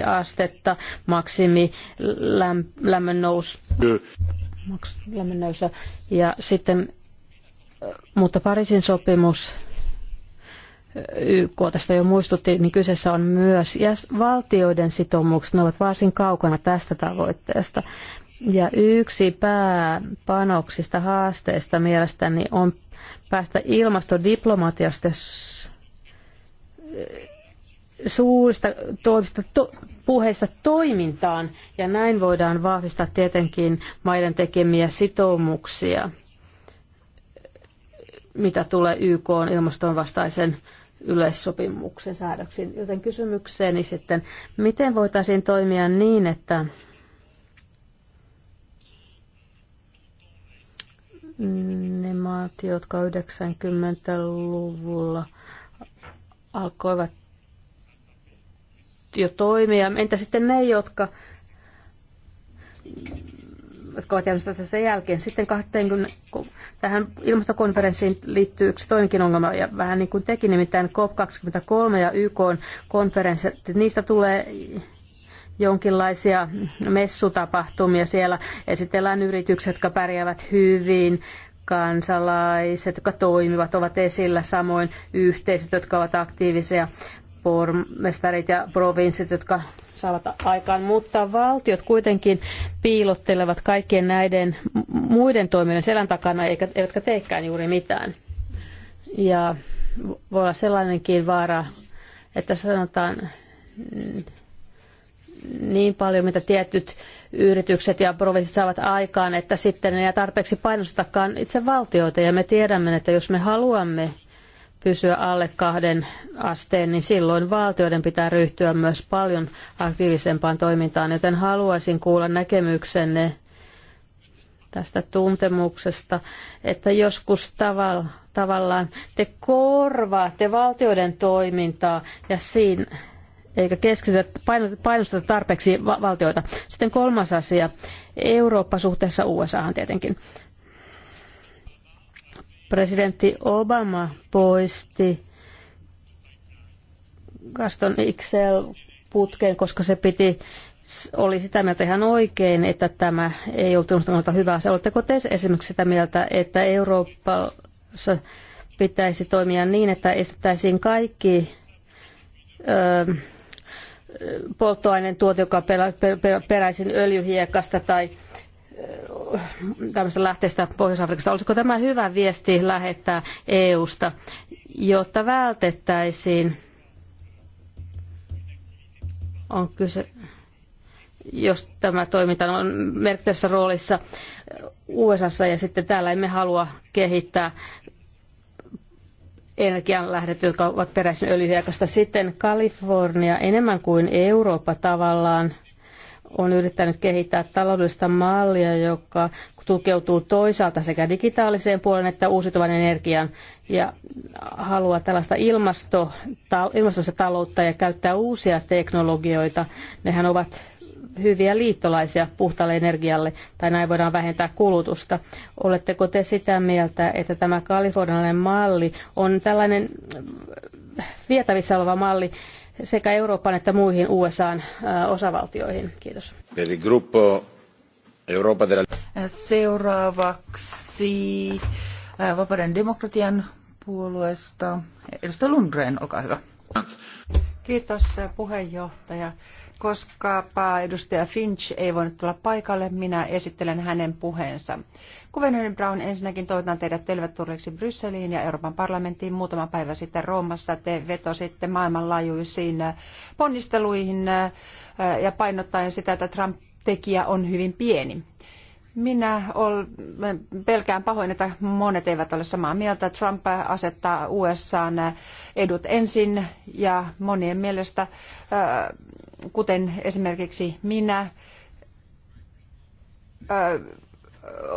1,52 astetta, maksimi läm, lämmön nous, maks, lämmön Ja sitten, mutta Pariisin sopimus YK tästä jo muistutti, niin kyseessä on myös ja valtioiden sitoumukset, ne ovat varsin kaukana tästä tavoitteesta. Ja yksi pääpanoksista haasteista mielestäni on päästä ilmastodiplomatiasta suurista toimista, to, puheista toimintaan ja näin voidaan vahvistaa tietenkin maiden tekemiä sitoumuksia, mitä tulee YK ilmastonvastaisen yleissopimuksen säädöksiin. Joten kysymykseeni sitten, miten voitaisiin toimia niin, että ne maat, jotka 90-luvulla – alkoivat jo toimia. Entä sitten ne, jotka, jotka ovat jääneet sen jälkeen? Sitten 20, tähän ilmastokonferenssiin liittyy yksi toinenkin ongelma, ja vähän niin kuin teki, nimittäin COP23 ja YK-konferenssit, niistä tulee jonkinlaisia messutapahtumia siellä. Esitellään yritykset, jotka pärjäävät hyvin, kansalaiset, jotka toimivat, ovat esillä, samoin yhteisöt, jotka ovat aktiivisia, pormestarit ja provinssit, jotka saavat aikaan, mutta valtiot kuitenkin piilottelevat kaikkien näiden muiden toiminnan selän takana, eikä, eivätkä teekään juuri mitään. Ja voi olla sellainenkin vaara, että sanotaan mm, niin paljon, mitä tietyt yritykset ja provinssit saavat aikaan, että sitten ei tarpeeksi painostakaan itse valtioita. Ja me tiedämme, että jos me haluamme pysyä alle kahden asteen, niin silloin valtioiden pitää ryhtyä myös paljon aktiivisempaan toimintaan, joten haluaisin kuulla näkemyksenne tästä tuntemuksesta, että joskus tavalla, tavallaan te korvaatte valtioiden toimintaa ja siinä, eikä keskitytä, painosteta tarpeeksi valtioita. Sitten kolmas asia, Eurooppa suhteessa USAhan tietenkin. Presidentti Obama poisti Gaston excel putkeen koska se piti oli sitä mieltä ihan oikein, että tämä ei ollut hyvää. hyvä. Oletteko te esimerkiksi sitä mieltä, että Euroopassa pitäisi toimia niin, että estettäisiin kaikki ö, polttoaineen tuote, joka on peräisin öljyhiekasta tai tämmöistä lähteestä Pohjois-Afrikasta. Olisiko tämä hyvä viesti lähettää EUsta, jotta vältettäisiin, on kyse, jos tämä toiminta on merkittävässä roolissa USAssa ja sitten täällä emme halua kehittää energianlähdet, jotka ovat peräisin öljyhiekasta. Sitten Kalifornia enemmän kuin Eurooppa tavallaan on yrittänyt kehittää taloudellista mallia, joka tukeutuu toisaalta sekä digitaaliseen puoleen että uusiutuvan energian ja haluaa tällaista ilmasto, ilmastosta taloutta ja käyttää uusia teknologioita. Nehän ovat hyviä liittolaisia puhtaalle energialle, tai näin voidaan vähentää kulutusta. Oletteko te sitä mieltä, että tämä kalifornialainen malli on tällainen äh, vietävissä oleva malli sekä Euroopan että muihin USAn äh, osavaltioihin? Kiitos. Seuraavaksi äh, Vapauden demokratian puolueesta. Edustaja Lundgren, olkaa hyvä. Kiitos puheenjohtaja koska edustaja Finch ei voinut tulla paikalle, minä esittelen hänen puheensa. Kuvernööri Brown, ensinnäkin toivotan teidät tervetulleeksi Brysseliin ja Euroopan parlamenttiin. Muutama päivä sitten Roomassa te vetositte maailmanlaajuisiin ponnisteluihin äh, ja painottaen sitä, että Trump-tekijä on hyvin pieni. Minä ol, pelkään pahoin, että monet eivät ole samaa mieltä. Trump asettaa USA edut ensin ja monien mielestä, kuten esimerkiksi minä,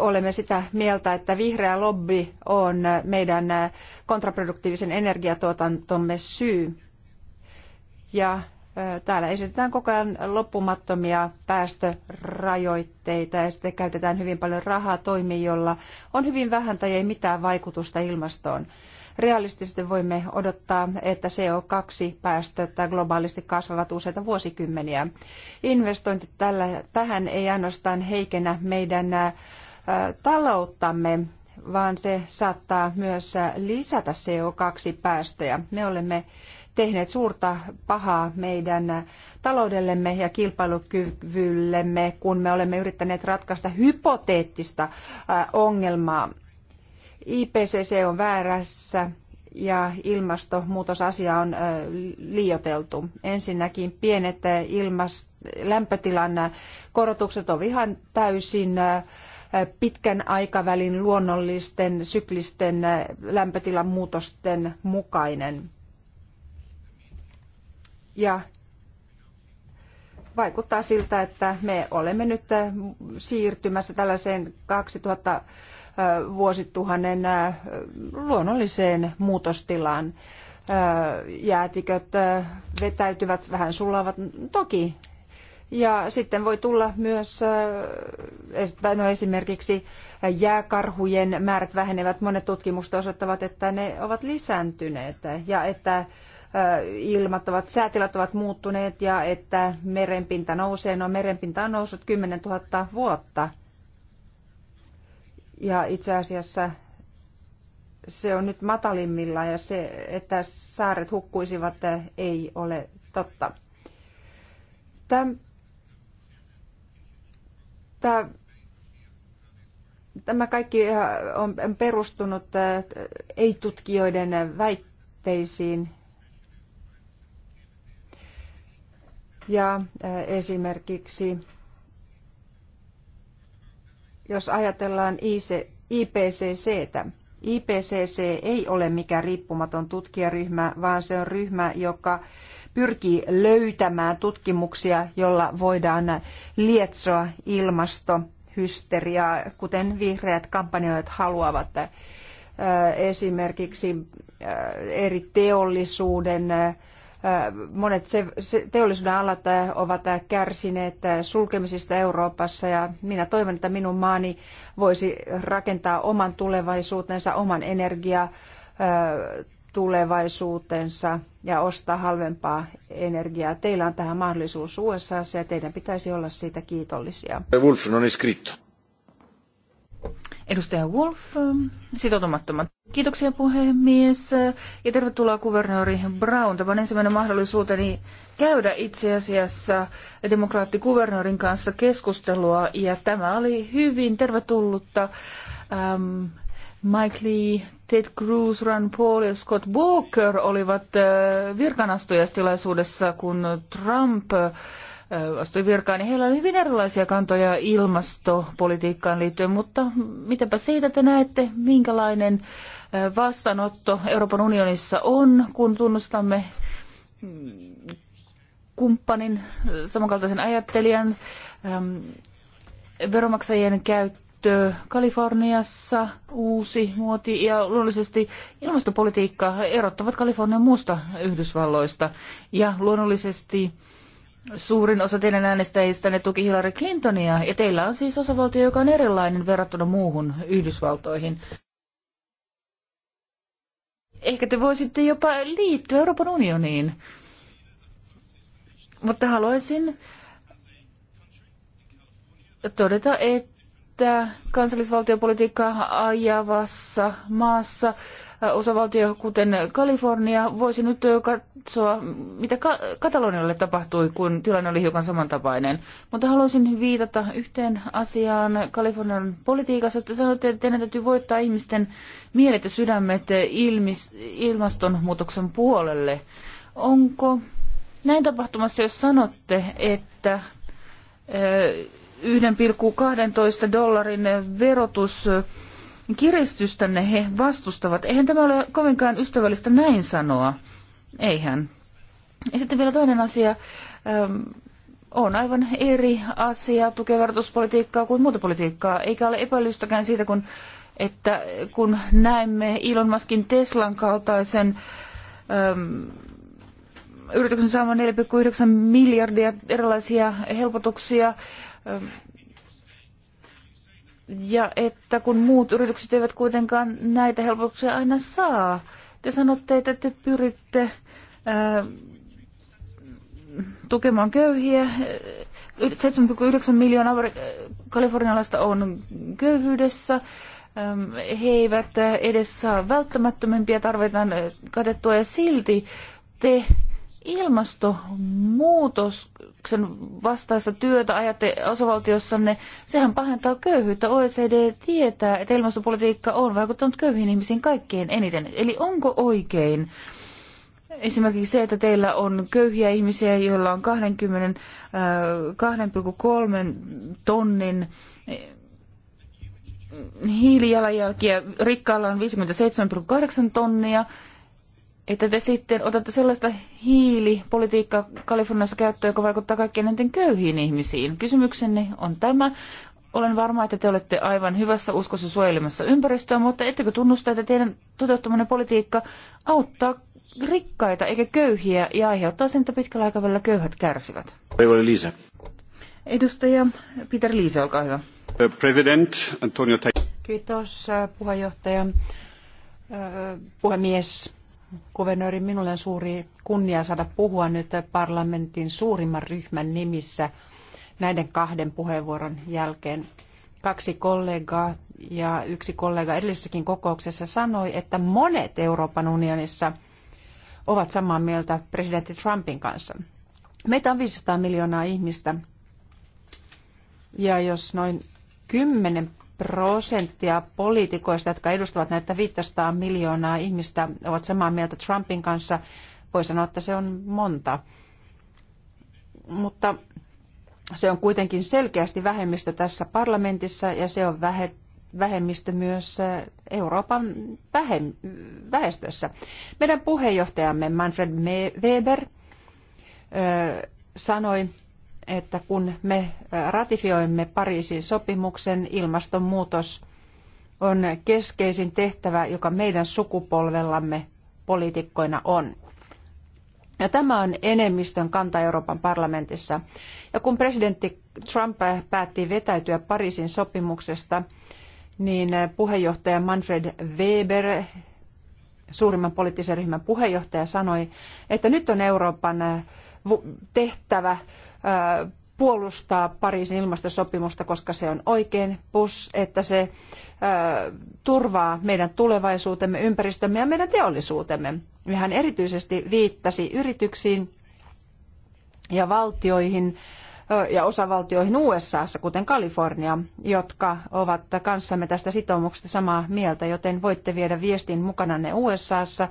olemme sitä mieltä, että vihreä lobby on meidän kontraproduktiivisen energiatuotantomme syy. Ja Täällä esitetään koko ajan loppumattomia päästörajoitteita ja sitten käytetään hyvin paljon rahaa toimiin, jolla on hyvin vähän tai ei mitään vaikutusta ilmastoon. Realistisesti voimme odottaa, että CO2-päästöt globaalisti kasvavat useita vuosikymmeniä. Investointi tällä, tähän ei ainoastaan heikennä meidän ä, talouttamme, vaan se saattaa myös lisätä CO2-päästöjä. Me olemme tehneet suurta pahaa meidän taloudellemme ja kilpailukyvyllemme, kun me olemme yrittäneet ratkaista hypoteettista ongelmaa. IPCC on väärässä ja ilmastonmuutosasia on liioteltu. Ensinnäkin pienet ilmast- lämpötilan korotukset ovat ihan täysin pitkän aikavälin luonnollisten syklisten lämpötilan muutosten mukainen. Ja vaikuttaa siltä, että me olemme nyt äh, siirtymässä tällaiseen 2000 äh, vuosituhannen äh, luonnolliseen muutostilaan. Jäätiköt vetäytyvät, vähän sulavat, toki. Ja sitten voi tulla myös no esimerkiksi jääkarhujen määrät vähenevät. Monet tutkimukset osoittavat, että ne ovat lisääntyneet ja että ilmat ovat, säätilat ovat muuttuneet ja että merenpinta nousee. No merenpinta on noussut 10 000 vuotta. Ja itse asiassa se on nyt matalimmilla ja se, että saaret hukkuisivat, ei ole totta. Tämä, tämä kaikki on perustunut ei-tutkijoiden väitteisiin Ja esimerkiksi jos ajatellaan IPCCtä, IPCC ei ole mikään riippumaton tutkijaryhmä, vaan se on ryhmä, joka pyrkii löytämään tutkimuksia, jolla voidaan lietsoa ilmastohysteriaa, kuten vihreät kampanjoijat haluavat. Esimerkiksi eri teollisuuden Monet teollisuuden alat ovat kärsineet sulkemisista Euroopassa ja minä toivon, että minun maani voisi rakentaa oman tulevaisuutensa, oman energiaa tulevaisuutensa ja ostaa halvempaa energiaa. Teillä on tähän mahdollisuus USAssa ja teidän pitäisi olla siitä kiitollisia. Wolf non Edustaja Wolf, ähm, sitoutumattomat. Kiitoksia puhemies äh, ja tervetuloa kuvernööri Brown. Tämä on ensimmäinen mahdollisuuteni käydä itse asiassa demokraattikuvernöörin kanssa keskustelua ja tämä oli hyvin tervetullutta. Ähm, Mike Lee, Ted Cruz, Rand Paul ja Scott Walker olivat äh, virkanastujastilaisuudessa, kun Trump äh, astui virkaan, niin heillä oli hyvin erilaisia kantoja ilmastopolitiikkaan liittyen, mutta mitäpä siitä te näette, minkälainen vastaanotto Euroopan unionissa on, kun tunnustamme mm, kumppanin, samankaltaisen ajattelijan, veromaksajien käyttö Kaliforniassa, uusi muoti ja luonnollisesti ilmastopolitiikka erottavat Kalifornian muusta Yhdysvalloista ja luonnollisesti Suurin osa teidän äänestäjistä ne tuki Hillary Clintonia, ja teillä on siis osavaltio, joka on erilainen verrattuna muuhun Yhdysvaltoihin. Ehkä te voisitte jopa liittyä Euroopan unioniin. Mutta haluaisin todeta, että kansallisvaltiopolitiikkaa ajavassa maassa osavaltio, kuten Kalifornia, voisi nyt katsoa, mitä Katalonialle tapahtui, kun tilanne oli hiukan samantapainen. Mutta haluaisin viitata yhteen asiaan Kalifornian politiikassa. Te sanoitte, että teidän täytyy voittaa ihmisten mielet ja sydämet ilmis, ilmastonmuutoksen puolelle. Onko näin tapahtumassa, jos sanotte, että 1,12 dollarin verotus kiristystänne he vastustavat. Eihän tämä ole kovinkaan ystävällistä näin sanoa. Eihän. Ja sitten vielä toinen asia. Öm, ähm, on aivan eri asia tukevartuspolitiikkaa kuin muuta politiikkaa. Eikä ole epäilystäkään siitä, kun, että kun näemme Elon Muskin Teslan kaltaisen öm, ähm, yrityksen saamaan 4,9 miljardia erilaisia helpotuksia, öm, ähm, ja että kun muut yritykset eivät kuitenkaan näitä helpotuksia aina saa. Te sanotte, että te pyritte ää, äh, tukemaan köyhiä. 7,9 miljoonaa kalifornialaista on köyhyydessä. Ähm, he eivät äh, edes saa välttämättömimpiä tarvitaan äh, katettua ja silti te ilmastonmuutoksen vastaista työtä ajatte osavaltiossanne, sehän pahentaa köyhyyttä. OECD tietää, että ilmastopolitiikka on vaikuttanut köyhiin ihmisiin kaikkein eniten. Eli onko oikein esimerkiksi se, että teillä on köyhiä ihmisiä, joilla on 20, 2,3 äh, tonnin äh, hiilijalanjälkiä, rikkaalla on 57,8 tonnia, että te sitten otatte sellaista hiilipolitiikkaa Kaliforniassa käyttöön, joka vaikuttaa kaikkein eniten köyhiin ihmisiin. Kysymyksenne on tämä. Olen varma, että te olette aivan hyvässä uskossa suojelemassa ympäristöä, mutta ettekö tunnusta, että teidän toteuttamainen politiikka auttaa rikkaita eikä köyhiä ja aiheuttaa sen, että pitkällä aikavälillä köyhät kärsivät? Liisa. Edustaja Peter Liise, olkaa hyvä. Uh, President Antonio Kiitos uh, puheenjohtaja, uh, puhemies Kuvernööri, minulle on suuri kunnia saada puhua nyt parlamentin suurimman ryhmän nimissä näiden kahden puheenvuoron jälkeen. Kaksi kollegaa ja yksi kollega edellisessäkin kokouksessa sanoi, että monet Euroopan unionissa ovat samaa mieltä presidentti Trumpin kanssa. Meitä on 500 miljoonaa ihmistä ja jos noin 10 prosenttia poliitikoista, jotka edustavat näitä 500 miljoonaa ihmistä, ovat samaa mieltä Trumpin kanssa. Voi sanoa, että se on monta. Mutta se on kuitenkin selkeästi vähemmistö tässä parlamentissa ja se on vähe, vähemmistö myös äh, Euroopan vähem, väestössä. Meidän puheenjohtajamme Manfred Weber äh, sanoi, että kun me ratifioimme Pariisin sopimuksen, ilmastonmuutos on keskeisin tehtävä, joka meidän sukupolvellamme poliitikkoina on. Ja tämä on enemmistön kanta Euroopan parlamentissa. Ja kun presidentti Trump päätti vetäytyä Pariisin sopimuksesta, niin puheenjohtaja Manfred Weber, suurimman poliittisen ryhmän puheenjohtaja, sanoi, että nyt on Euroopan tehtävä puolustaa Pariisin ilmastosopimusta, koska se on oikein, plus että se turvaa meidän tulevaisuutemme, ympäristömme ja meidän teollisuutemme. Hän erityisesti viittasi yrityksiin ja valtioihin ja osavaltioihin USAssa, kuten Kalifornia, jotka ovat kanssamme tästä sitoumuksesta samaa mieltä, joten voitte viedä viestin mukananne USAssa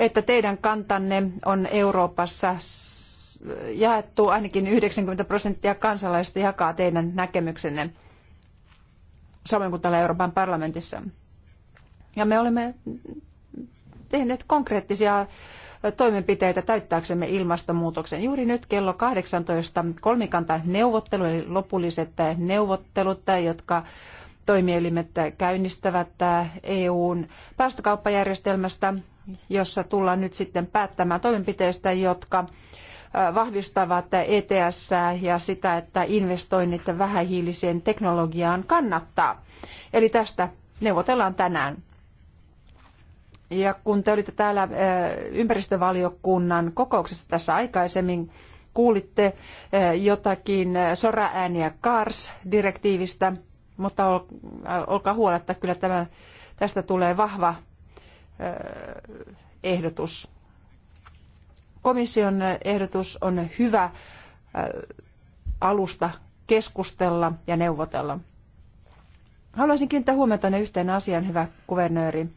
että teidän kantanne on Euroopassa jaettu, ainakin 90 prosenttia kansalaisista jakaa teidän näkemyksenne, samoin kuin täällä Euroopan parlamentissa. Ja me olemme tehneet konkreettisia toimenpiteitä täyttääksemme ilmastonmuutoksen. Juuri nyt kello 18 kolmikanta neuvottelu, eli lopulliset neuvottelut, jotka toimielimet käynnistävät EUn päästökauppajärjestelmästä jossa tullaan nyt sitten päättämään toimenpiteistä, jotka äh, vahvistavat ETS ja sitä, että investoinnit vähähiiliseen teknologiaan kannattaa. Eli tästä neuvotellaan tänään. Ja kun te olitte täällä äh, ympäristövaliokunnan kokouksessa tässä aikaisemmin, kuulitte äh, jotakin soraääniä CARS-direktiivistä, mutta olkaa huoletta, kyllä tämä, tästä tulee vahva ehdotus. Komission ehdotus on hyvä alusta keskustella ja neuvotella. Haluaisin kiinnittää huomiota yhteen asian, hyvä kuvernööri,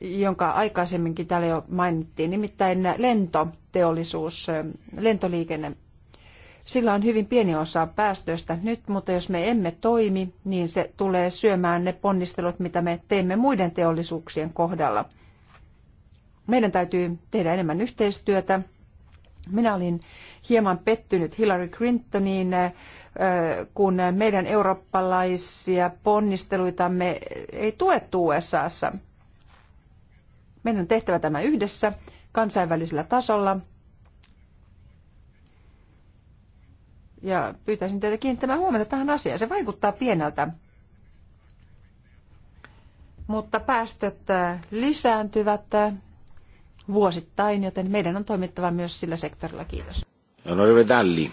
jonka aikaisemminkin täällä jo mainittiin, nimittäin lentoteollisuus, lentoliikenne. Sillä on hyvin pieni osa päästöistä nyt, mutta jos me emme toimi, niin se tulee syömään ne ponnistelut, mitä me teemme muiden teollisuuksien kohdalla. Meidän täytyy tehdä enemmän yhteistyötä. Minä olin hieman pettynyt Hillary Clintoniin, äh, kun meidän eurooppalaisia ponnisteluitamme ei tuettu USAssa. Meidän on tehtävä tämä yhdessä kansainvälisellä tasolla Ja pyytäisin teitä kiinnittämään huomiota tähän asiaan. Se vaikuttaa pieneltä. Mutta päästöt äh, lisääntyvät äh, vuosittain, joten meidän on toimittava myös sillä sektorilla. Kiitos. Honorable Dalli.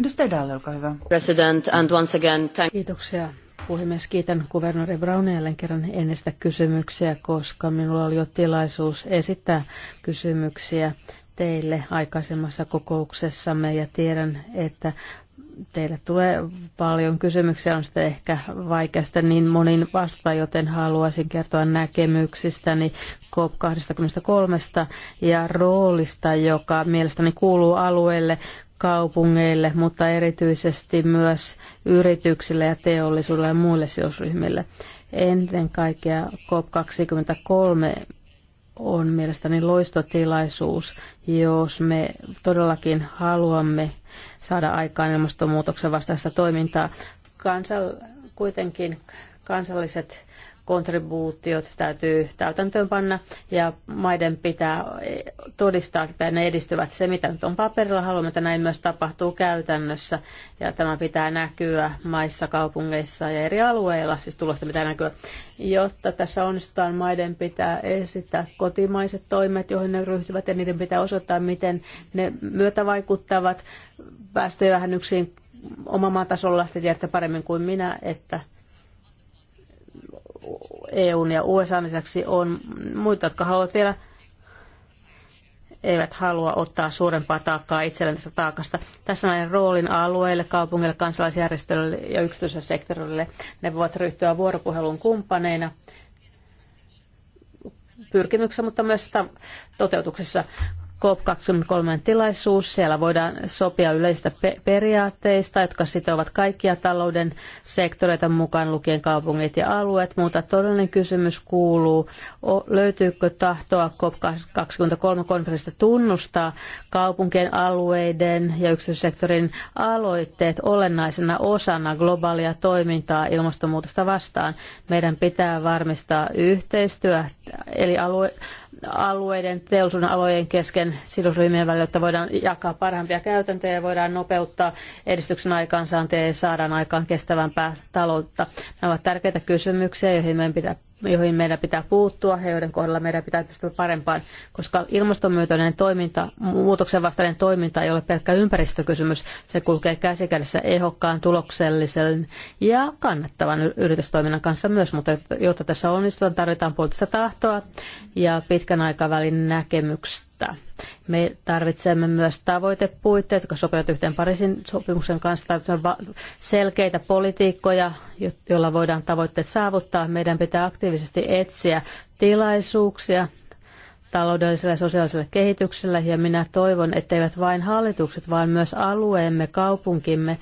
Edustaja Dalli, olkaa hyvä. President, and once again, thank... Kiitoksia puhemies. Kiitän kuvernori Brownia jälleen kerran ennestä kysymyksiä, koska minulla oli jo tilaisuus esittää kysymyksiä teille aikaisemmassa kokouksessamme ja tiedän, että teille tulee paljon kysymyksiä, on sitä ehkä vaikeasta niin monin vastata, joten haluaisin kertoa näkemyksistäni COP23 ja roolista, joka mielestäni kuuluu alueelle, kaupungeille, mutta erityisesti myös yrityksille ja teollisuudelle ja muille sijoitusryhmille. Ennen kaikkea COP23 on mielestäni loistotilaisuus, jos me todellakin haluamme saada aikaan ilmastonmuutoksen vastaista toimintaa. Kansal, kuitenkin kansalliset kontribuutiot täytyy täytäntöönpanna ja maiden pitää todistaa, että ne edistyvät se, mitä nyt on paperilla. Haluamme, että näin myös tapahtuu käytännössä ja tämä pitää näkyä maissa, kaupungeissa ja eri alueilla, siis tulosta pitää näkyä. Jotta tässä onnistutaan, maiden pitää esittää kotimaiset toimet, joihin ne ryhtyvät ja niiden pitää osoittaa, miten ne myötävaikuttavat päästöjen vähennyksiin oma maatasolla. että tiedätte paremmin kuin minä, että EUn ja USA lisäksi on muita, jotka haluavat vielä eivät halua ottaa suurempaa taakkaa itselleen tästä taakasta. Tässä näiden roolin alueille, kaupungeille, kansalaisjärjestöille ja yksityiselle sektorille. Ne voivat ryhtyä vuoropuhelun kumppaneina pyrkimyksessä, mutta myös toteutuksessa. COP23 tilaisuus. Siellä voidaan sopia yleisistä periaatteista, jotka sitovat kaikkia talouden sektoreita mukaan lukien kaupungit ja alueet. Mutta todellinen kysymys kuuluu, löytyykö tahtoa COP23-konferenssista tunnustaa kaupunkien, alueiden ja yksityissektorin aloitteet olennaisena osana globaalia toimintaa ilmastonmuutosta vastaan. Meidän pitää varmistaa yhteistyö, eli alue, alueiden, teollisuuden alojen kesken sidosryhmien välillä, että voidaan jakaa parhaimpia käytäntöjä ja voidaan nopeuttaa edistyksen aikaansaantia ja saadaan aikaan kestävämpää taloutta. Nämä ovat tärkeitä kysymyksiä, joihin meidän pitää joihin meidän pitää puuttua ja joiden kohdalla meidän pitää pystyä parempaan, koska ilmastonmyötäinen toiminta, muutoksen vastainen toiminta ei ole pelkkä ympäristökysymys, se kulkee käsikädessä ehokkaan, tuloksellisen ja kannattavan yritystoiminnan kanssa myös, mutta jotta tässä onnistutaan, tarvitaan poliittista tahtoa ja pitkän aikavälin näkemystä välttää. Me tarvitsemme myös tavoitepuitteet, jotka sopivat yhteen Pariisin sopimuksen kanssa. Tarvitsemme selkeitä politiikkoja, joilla voidaan tavoitteet saavuttaa. Meidän pitää aktiivisesti etsiä tilaisuuksia taloudelliselle ja sosiaaliselle kehitykselle, ja minä toivon, etteivät vain hallitukset, vaan myös alueemme, kaupunkimme,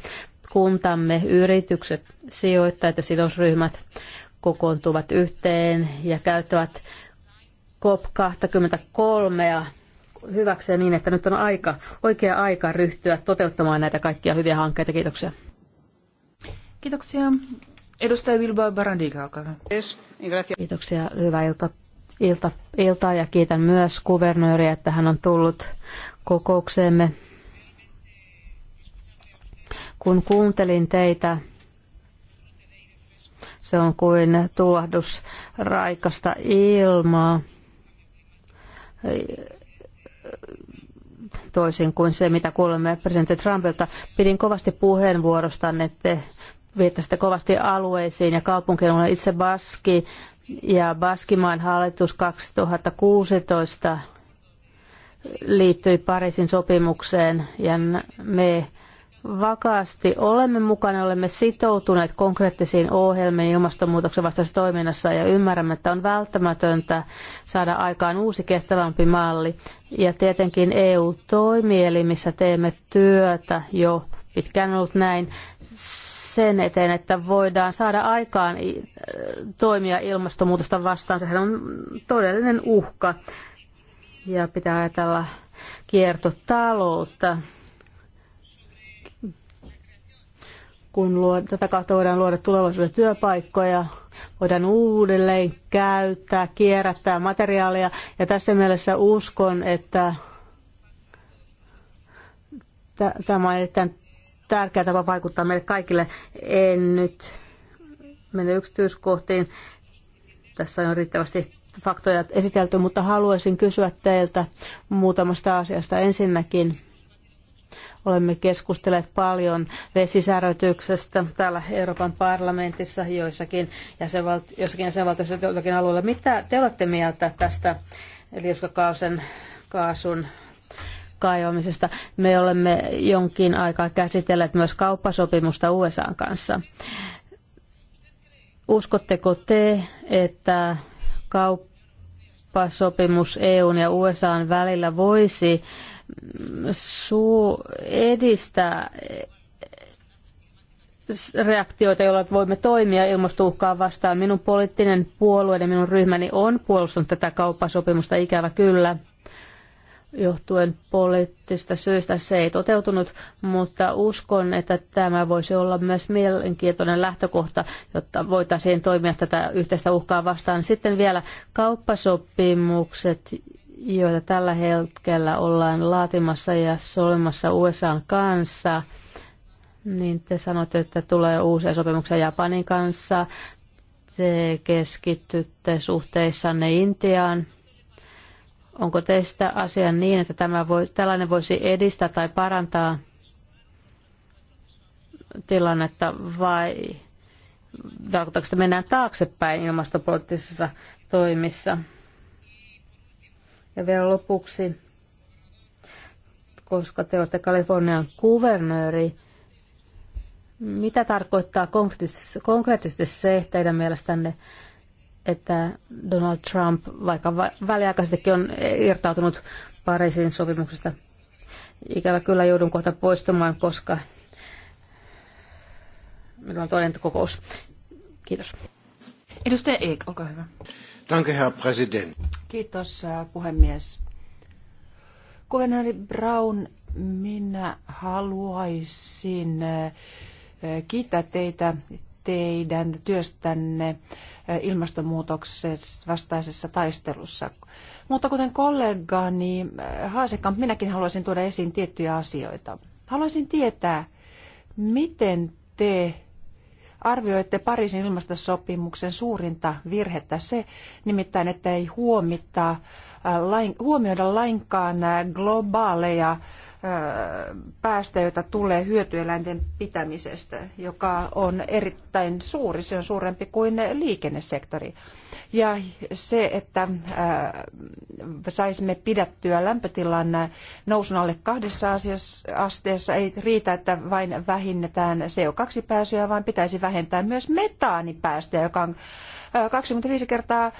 kuntamme, yritykset, sijoittajat ja sidosryhmät kokoontuvat yhteen ja käyttävät COP23 hyväkseen niin, että nyt on aika, oikea aika ryhtyä toteuttamaan näitä kaikkia hyviä hankkeita. Kiitoksia. Kiitoksia. Edustaja Vilba Barandika, olkaa hyvä. Kiitoksia. Hyvää ilta, ilta, iltaa ja kiitän myös kuvernööriä, että hän on tullut kokoukseemme. Kun kuuntelin teitä, se on kuin tuohdus raikasta ilmaa toisin kuin se, mitä kuulemme presidentti Trumpilta. Pidin kovasti puheenvuorostanne, että viittasitte kovasti alueisiin ja kaupunkiin. Olen itse Baski ja Baskimaan hallitus 2016 liittyi Pariisin sopimukseen ja me vakaasti olemme mukana, olemme sitoutuneet konkreettisiin ohjelmiin ilmastonmuutoksen vastaisessa toiminnassa ja ymmärrämme, että on välttämätöntä saada aikaan uusi kestävämpi malli. Ja tietenkin EU-toimielimissä teemme työtä jo pitkään ollut näin sen eteen, että voidaan saada aikaan äh, toimia ilmastonmuutosta vastaan. Sehän on todellinen uhka ja pitää ajatella kiertotaloutta. kun luo, tätä kautta voidaan luoda tulevaisuuden työpaikkoja, voidaan uudelleen käyttää, kierrättää materiaalia. Ja tässä mielessä uskon, että tämä on erittäin tärkeä tapa vaikuttaa meille kaikille. En nyt mene yksityiskohtiin. Tässä on riittävästi faktoja esitelty, mutta haluaisin kysyä teiltä muutamasta asiasta. Ensinnäkin, Olemme keskustelleet paljon vesisärötyksestä täällä Euroopan parlamentissa joissakin jäsenvalti- jossakin jäsenvaltioissa jollakin alueella. Mitä te olette mieltä tästä liuskakaasun kaasun kaivamisesta? Me olemme jonkin aikaa käsitelleet myös kauppasopimusta USAn kanssa. Uskotteko te, että kauppasopimus EUn ja USAn välillä voisi su- edistää reaktioita, joilla voimme toimia ilmastouhkaa vastaan. Minun poliittinen ja minun ryhmäni on puolustanut tätä kauppasopimusta ikävä kyllä johtuen poliittista syystä se ei toteutunut, mutta uskon, että tämä voisi olla myös mielenkiintoinen lähtökohta, jotta voitaisiin toimia tätä yhteistä uhkaa vastaan. Sitten vielä kauppasopimukset, joita tällä hetkellä ollaan laatimassa ja solimassa USAn kanssa, niin te sanotte, että tulee uusia sopimuksia Japanin kanssa. Te keskitytte suhteissanne Intiaan. Onko teistä asia niin, että tämä voi, tällainen voisi edistää tai parantaa tilannetta vai tarkoittaako että mennään taaksepäin ilmastopoliittisissa toimissa? Ja vielä lopuksi, koska te olette Kalifornian kuvernööri, mitä tarkoittaa konkreettisesti, se teidän mielestänne, että Donald Trump, vaikka väliaikaisestikin on irtautunut Pariisin sopimuksesta, ikävä kyllä joudun kohta poistumaan, koska meillä on toinen kokous. Kiitos. Edustaja Eek, olkaa hyvä. Danke, Herr Präsident. Kiitos, äh, puhemies. Kuvenhari Brown, minä haluaisin äh, kiittää teitä teidän työstänne äh, ilmastonmuutoksen vastaisessa taistelussa. Mutta kuten kollegani Haasekamp, minäkin haluaisin tuoda esiin tiettyjä asioita. Haluaisin tietää, miten te arvioitte Pariisin ilmastosopimuksen suurinta virhettä? Se nimittäin, että ei huomita, äh, lain, huomioida lainkaan äh, globaaleja päästä, jota tulee hyötyeläinten pitämisestä, joka on erittäin suuri, se on suurempi kuin liikennesektori. Ja se, että saisimme pidettyä lämpötilan nousun alle kahdessa asteessa, ei riitä, että vain vähennetään CO2-pääsyä, vaan pitäisi vähentää myös metaanipäästöjä, joka on 25 kertaa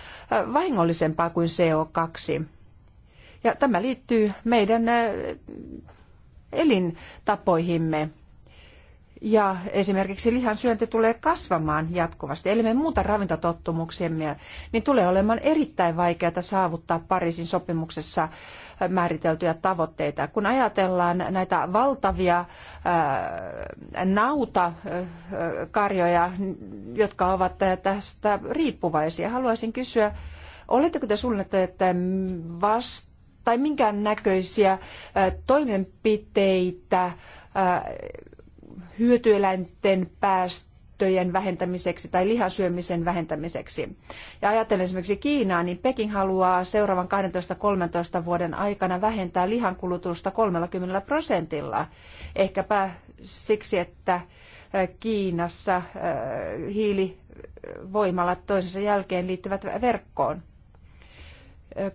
vahingollisempaa kuin CO2. Ja tämä liittyy meidän elintapoihimme. Ja esimerkiksi lihansyönti tulee kasvamaan jatkuvasti. Eli me muuta ravintotottumuksemme, niin tulee olemaan erittäin vaikeaa saavuttaa Pariisin sopimuksessa määriteltyjä tavoitteita. Kun ajatellaan näitä valtavia ää, äh, nautakarjoja, jotka ovat tästä riippuvaisia, haluaisin kysyä, oletteko te suunnitelleet vasta tai minkään näköisiä toimenpiteitä hyötyeläinten päästöjen vähentämiseksi tai lihansyömisen vähentämiseksi. Ja ajatellen esimerkiksi Kiinaa, niin Peking haluaa seuraavan 12-13 vuoden aikana vähentää lihankulutusta 30 prosentilla. Ehkäpä siksi, että Kiinassa hiilivoimalat toisensa jälkeen liittyvät verkkoon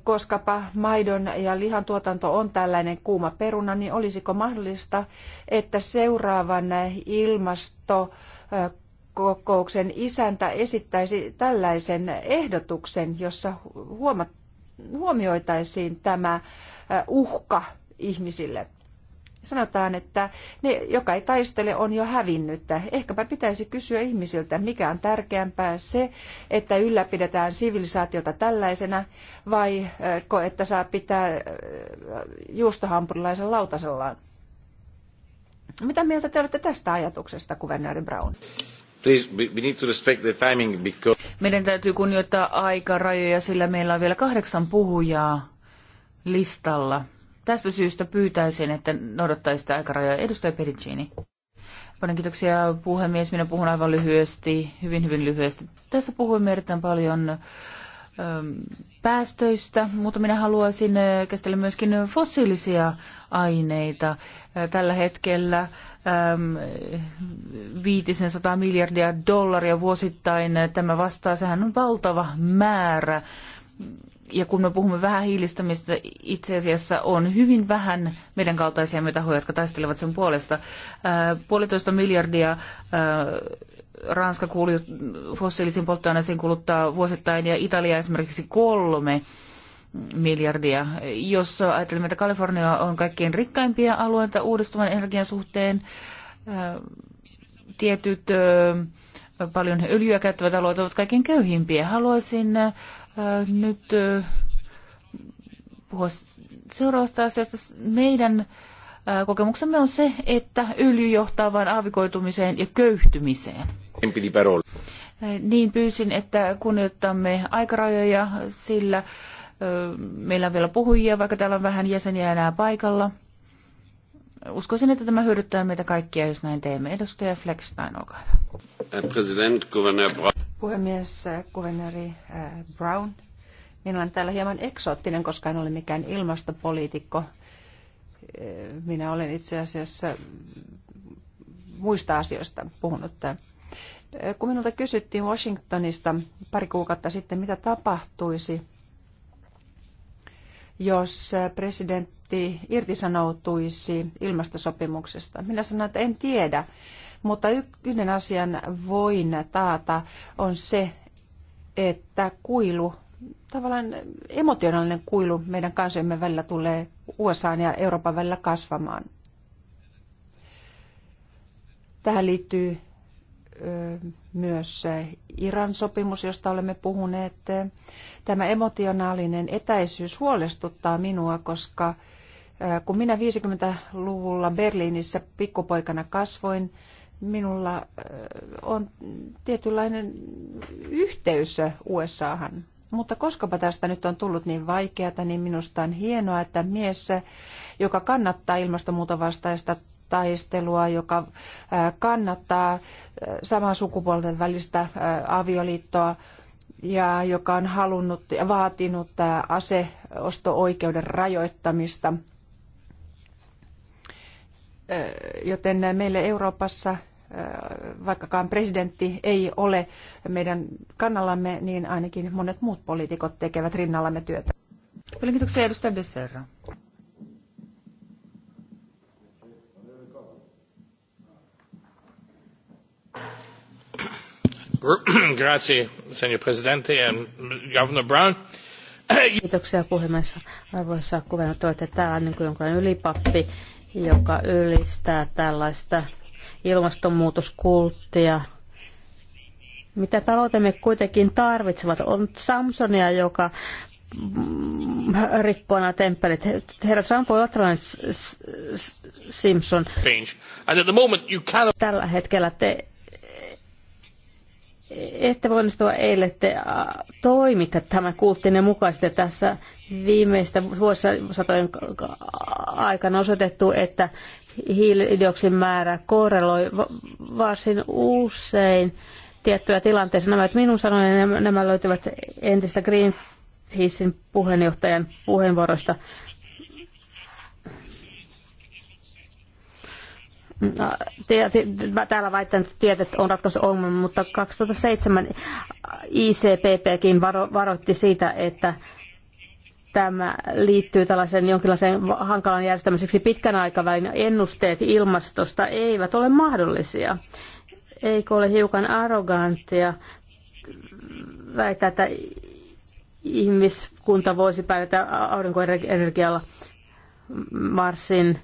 koskapa maidon ja lihan tuotanto on tällainen kuuma peruna, niin olisiko mahdollista, että seuraavan ilmastokokouksen isäntä esittäisi tällaisen ehdotuksen, jossa huomioitaisiin tämä uhka ihmisille? sanotaan, että ne, joka ei taistele, on jo hävinnyt. Ehkäpä pitäisi kysyä ihmisiltä, mikä on tärkeämpää se, että ylläpidetään sivilisaatiota tällaisena, vai että saa pitää juustohampurilaisen lautasellaan. Mitä mieltä te olette tästä ajatuksesta, kuvernööri Brown? Please, we need to respect the timing because... Meidän täytyy kunnioittaa aikarajoja, sillä meillä on vielä kahdeksan puhujaa listalla. Tästä syystä pyytäisin, että noudattaisitte aikarajoja. Edustaja Pedicini. Paljon kiitoksia puhemies. Minä puhun aivan lyhyesti, hyvin hyvin lyhyesti. Tässä puhuimme erittäin paljon ähm, päästöistä, mutta minä haluaisin äh, käsitellä myöskin fossiilisia aineita. Äh, tällä hetkellä 500 ähm, miljardia dollaria vuosittain äh, tämä vastaa, sehän on valtava määrä ja kun me puhumme vähän hiilistä, mistä itse asiassa on hyvin vähän meidän kaltaisia tahoja, jotka taistelevat sen puolesta. Ää, äh, puolitoista miljardia ää, äh, Ranska kuuluu fossiilisiin polttoaineisiin kuluttaa vuosittain ja Italia esimerkiksi kolme miljardia. Jos ajattelemme, että Kalifornia on kaikkein rikkaimpia alueita uudistuvan energian suhteen, ää, äh, tietyt paljon öljyä käyttävät alueet ovat kaikkein köyhimpiä. Haluaisin Äh, nyt äh, puhua seuraavasta asiasta. Meidän äh, kokemuksemme on se, että öljy johtaa vain aavikoitumiseen ja köyhtymiseen. Niin pyysin, että kunnioittamme aikarajoja, sillä meillä on vielä puhujia, vaikka täällä on vähän jäseniä enää paikalla. Uskoisin, että tämä hyödyttää meitä kaikkia, jos näin teemme. Edustaja Fleckstein, olkaa hyvä puhemies, kuvernööri äh, Brown. Minä olen täällä hieman eksoottinen, koska en ole mikään ilmastopoliitikko. Äh, minä olen itse asiassa muista asioista puhunut. Äh, kun minulta kysyttiin Washingtonista pari kuukautta sitten, mitä tapahtuisi, jos äh, presidentti irtisanoutuisi ilmastosopimuksesta. Minä sanoin, että en tiedä, mutta yhden asian voin taata on se, että kuilu, tavallaan emotionaalinen kuilu meidän kansojemme välillä tulee USA ja Euroopan välillä kasvamaan. Tähän liittyy myös Iran sopimus, josta olemme puhuneet. Tämä emotionaalinen etäisyys huolestuttaa minua, koska kun minä 50-luvulla Berliinissä pikkupoikana kasvoin, minulla on tietynlainen yhteys USAhan. Mutta koskapa tästä nyt on tullut niin vaikeata, niin minusta on hienoa, että mies, joka kannattaa ilmastonmuutovastaista taistelua, joka äh, kannattaa äh, saman sukupuolten välistä äh, avioliittoa ja joka on halunnut ja vaatinut aseosto-oikeuden rajoittamista. Joten meille Euroopassa, vaikkakaan presidentti ei ole meidän kannallamme, niin ainakin monet muut poliitikot tekevät rinnallamme työtä. kiitoksia edustaja [CLEARS THROAT] presidentti eh, governor Brown. [CLEARS THROAT] Kiitoksia puhemies. Arvoisa kuvernattori, että olette täällä niin kuin jonkinlainen ylipappi, joka ylistää tällaista ilmastonmuutoskulttia. Mitä taloutemme kuitenkin tarvitsevat on Samsonia, joka mm, rikkoo nämä temppelit. Herra Trump voi olla tällainen Simpson. Tällä hetkellä te ette voi eilen, että toimitte tämä kulttinen mukaisesti. Tässä viimeistä vuosisatojen aikana osoitettu, että hiilidioksin määrä korreloi varsin usein tiettyä tilanteessa. Nämä, että minun sanoin, nämä löytyvät entistä Greenpeacein puheenjohtajan puheenvuorosta. No, täällä väitän, että tietet on ratkaisu ongelma, mutta 2007 ICPPkin varo, varoitti siitä, että tämä liittyy tällaiseen jonkinlaiseen hankalan järjestämiseksi pitkän aikavälin ennusteet ilmastosta eivät ole mahdollisia. Eikö ole hiukan arrogantia väittää, että ihmiskunta voisi pärjätä aurinkoenergialla Marsin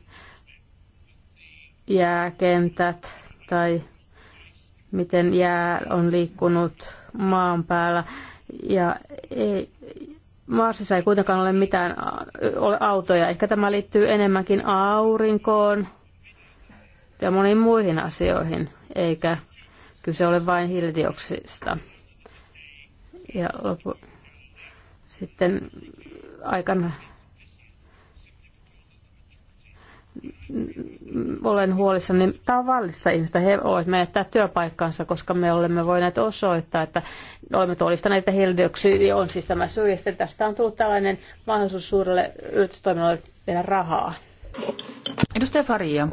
jääkentät tai miten jää on liikkunut maan päällä. Ja ei, Marsissa ei kuitenkaan ole mitään ole autoja. Ehkä tämä liittyy enemmänkin aurinkoon ja moniin muihin asioihin, eikä kyse ole vain hiilidioksista. Ja lopu, sitten aikana olen huolissani tavallista ihmistä. He voivat menettää työpaikkansa, koska me olemme voineet osoittaa, että olemme todistaneet, että hiilidioksidi on siis tämä syy. Ja tästä on tullut tällainen mahdollisuus suurelle yritystoiminnalle tehdä rahaa. Edustaja Faria.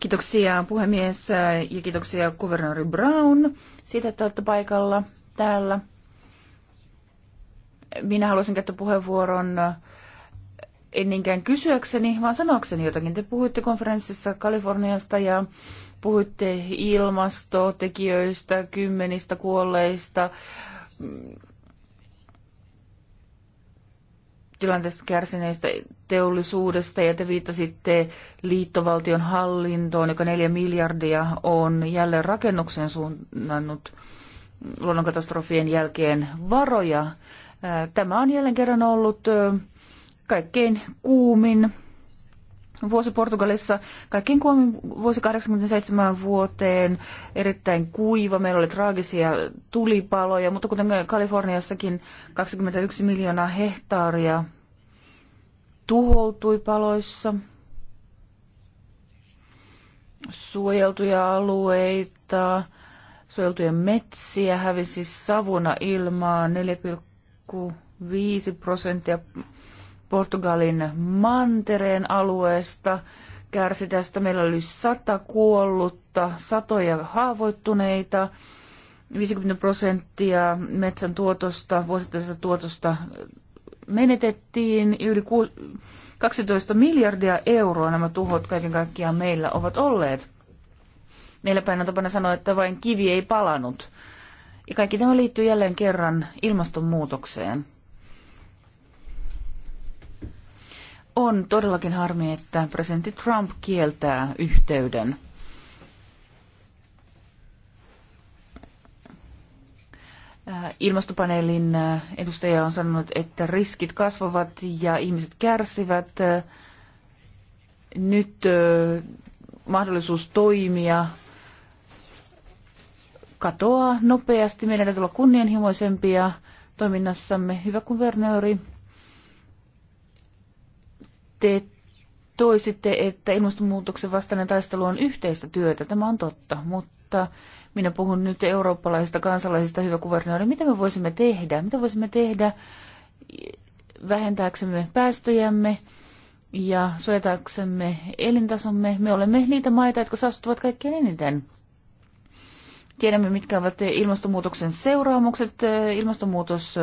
Kiitoksia puhemies ja kiitoksia kuvernööri Brown siitä, että olette paikalla täällä. Minä haluaisin käyttää puheenvuoron en niinkään kysyäkseni, vaan sanokseni jotakin. Te puhuitte konferenssissa Kaliforniasta ja puhuitte ilmastotekijöistä, kymmenistä kuolleista, mm, tilanteesta kärsineistä teollisuudesta ja te viittasitte liittovaltion hallintoon, joka neljä miljardia on jälleen rakennuksen suunnannut luonnonkatastrofien jälkeen varoja. Tämä on jälleen kerran ollut kaikkein kuumin vuosi Portugalissa, kaikkein kuumin vuosi 87 vuoteen, erittäin kuiva, meillä oli traagisia tulipaloja, mutta kuten Kaliforniassakin 21 miljoonaa hehtaaria tuhoutui paloissa. Suojeltuja alueita, suojeltuja metsiä hävisi savuna ilmaa 4,5 prosenttia Portugalin mantereen alueesta kärsi tästä. Meillä oli sata kuollutta, satoja haavoittuneita, 50 prosenttia metsän tuotosta, vuosittaisesta tuotosta menetettiin. Yli 12 miljardia euroa nämä tuhot kaiken kaikkiaan meillä ovat olleet. Meillä päin on tapana sanoa, että vain kivi ei palanut. Ja kaikki tämä liittyy jälleen kerran ilmastonmuutokseen. On todellakin harmi, että presidentti Trump kieltää yhteyden. Äh, ilmastopaneelin äh, edustaja on sanonut, että riskit kasvavat ja ihmiset kärsivät. Nyt äh, mahdollisuus toimia katoaa nopeasti. Meidän täytyy olla kunnianhimoisempia toiminnassamme. Hyvä kuvernööri te toisitte, että ilmastonmuutoksen vastainen taistelu on yhteistä työtä. Tämä on totta, mutta minä puhun nyt eurooppalaisista kansalaisista, hyvä kuvernööri. Mitä me voisimme tehdä? Mitä voisimme tehdä vähentääksemme päästöjämme ja suojataksemme elintasomme? Me olemme niitä maita, jotka saastuttavat kaikkein eniten. Tiedämme, mitkä ovat ilmastonmuutoksen seuraamukset. Ilmastonmuutos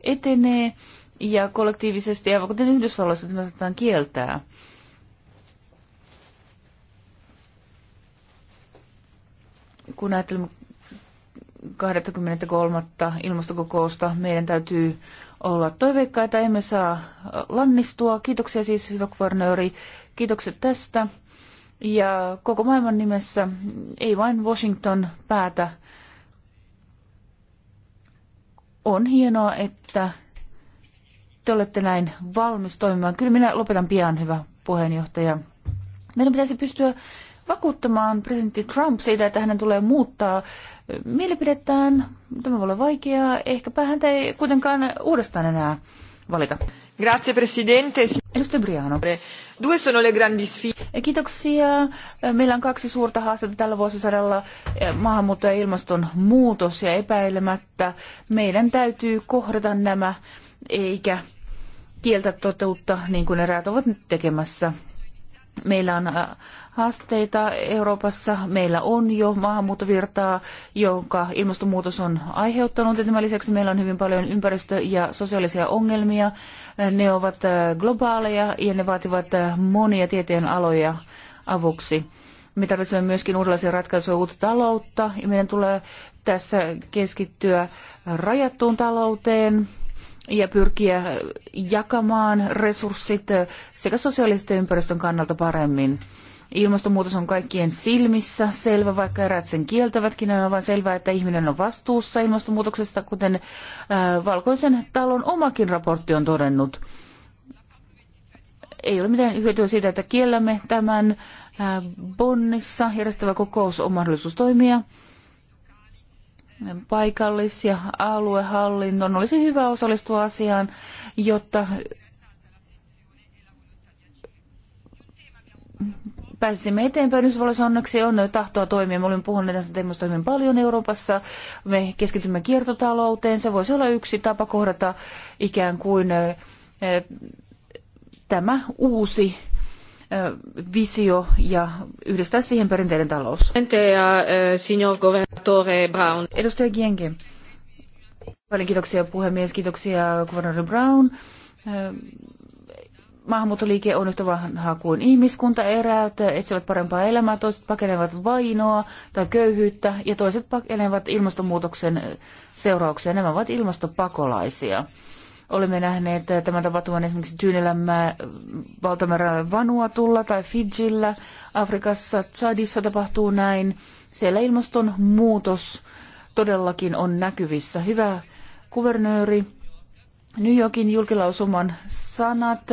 etenee ja kollektiivisesti, aivan kuten Yhdysvalloissa, tämä saattaa kieltää. Kun ajattelemme 23. ilmastokokousta, meidän täytyy olla toiveikkaita, emme saa lannistua. Kiitoksia siis, hyvä kuvernööri. Kiitokset tästä. Ja koko maailman nimessä, ei vain Washington päätä. On hienoa, että te olette näin valmis toimimaan. Kyllä minä lopetan pian, hyvä puheenjohtaja. Meidän pitäisi pystyä vakuuttamaan presidentti Trump siitä, että hänen tulee muuttaa eh, mielipidettään. Tämä voi olla vaikeaa. Ehkäpä häntä ei kuitenkaan uudestaan enää valita. Grazie presidente. Edustaja Briano. Due sono le grandi sfide. Eh, kiitoksia. Eh, meillä on kaksi suurta haastetta tällä vuosisadalla, maahanmuutto ja ilmastonmuutos ja epäilemättä meidän täytyy kohdata nämä eikä kieltä toteutta, niin kuin eräät ovat nyt tekemässä. Meillä on äh, haasteita Euroopassa, meillä on jo maahanmuuttovirtaa, jonka ilmastonmuutos on aiheuttanut. Ja tämän lisäksi meillä on hyvin paljon ympäristö- ja sosiaalisia ongelmia. Ne ovat äh, globaaleja ja ne vaativat äh, monia tieteen aloja avuksi. Me tarvitsemme myöskin uudenlaisia ratkaisuja uutta taloutta ja meidän tulee tässä keskittyä rajattuun talouteen, ja pyrkiä jakamaan resurssit sekä sosiaalisten ympäristön kannalta paremmin. Ilmastonmuutos on kaikkien silmissä selvä, vaikka eräät sen kieltävätkin. On aivan selvää, että ihminen on vastuussa ilmastonmuutoksesta, kuten äh, Valkoisen talon omakin raportti on todennut. Ei ole mitään hyötyä siitä, että kiellämme tämän. Äh, Bonnissa järjestävä kokous on mahdollisuus toimia paikallis- ja aluehallinnon olisi hyvä osallistua asiaan, jotta pääsisimme eteenpäin. Yhdysvalloissa onneksi on tahtoa toimia. Me olemme puhuneet tästä teemosta hyvin paljon Euroopassa. Me keskitymme kiertotalouteen. Se voisi olla yksi tapa kohdata ikään kuin eh, eh, tämä uusi visio ja yhdistää siihen perinteinen talous. Edustaja Gienke. Paljon kiitoksia puhemies, kiitoksia kuvernööri Brown. Maahanmuuttoliike on yhtä vanhaa kuin ihmiskunta. Eräät etsivät parempaa elämää, toiset pakenevat vainoa tai köyhyyttä ja toiset pakenevat ilmastonmuutoksen seurauksia. Nämä ovat ilmastopakolaisia. Olemme nähneet äh, tämän tapahtuvan esimerkiksi Tyynellämää äh, valtamerellä Vanuatulla tai Fidjillä. Afrikassa, Chadissa tapahtuu näin. Siellä ilmastonmuutos todellakin on näkyvissä. Hyvä kuvernööri, New Yorkin julkilausuman sanat.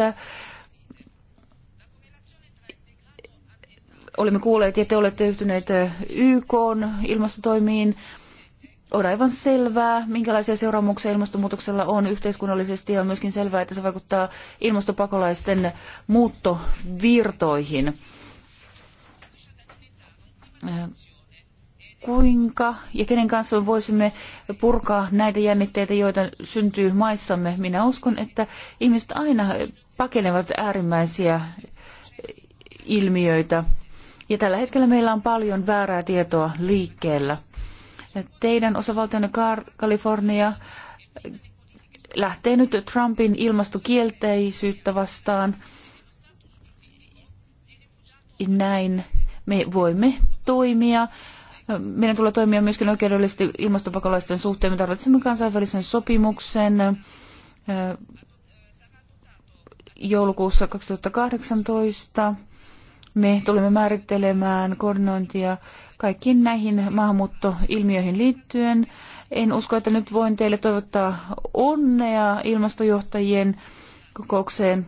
Olemme kuulleet ja te olette yhtyneet äh, YK ilmastotoimiin on aivan selvää, minkälaisia seuraamuksia ilmastonmuutoksella on yhteiskunnallisesti ja on myöskin selvää, että se vaikuttaa ilmastopakolaisten muuttovirtoihin. Kuinka ja kenen kanssa me voisimme purkaa näitä jännitteitä, joita syntyy maissamme? Minä uskon, että ihmiset aina pakenevat äärimmäisiä ilmiöitä. Ja tällä hetkellä meillä on paljon väärää tietoa liikkeellä Teidän osavaltionne Kalifornia lähtee nyt Trumpin ilmastokielteisyyttä vastaan. Näin me voimme toimia. Meidän tulee toimia myöskin oikeudellisesti ilmastopakolaisten suhteen. Me tarvitsemme kansainvälisen sopimuksen eh, joulukuussa 2018. Me tulemme määrittelemään koordinointia kaikkiin näihin maahanmuuttoilmiöihin liittyen. En usko, että nyt voin teille toivottaa onnea ilmastojohtajien kokoukseen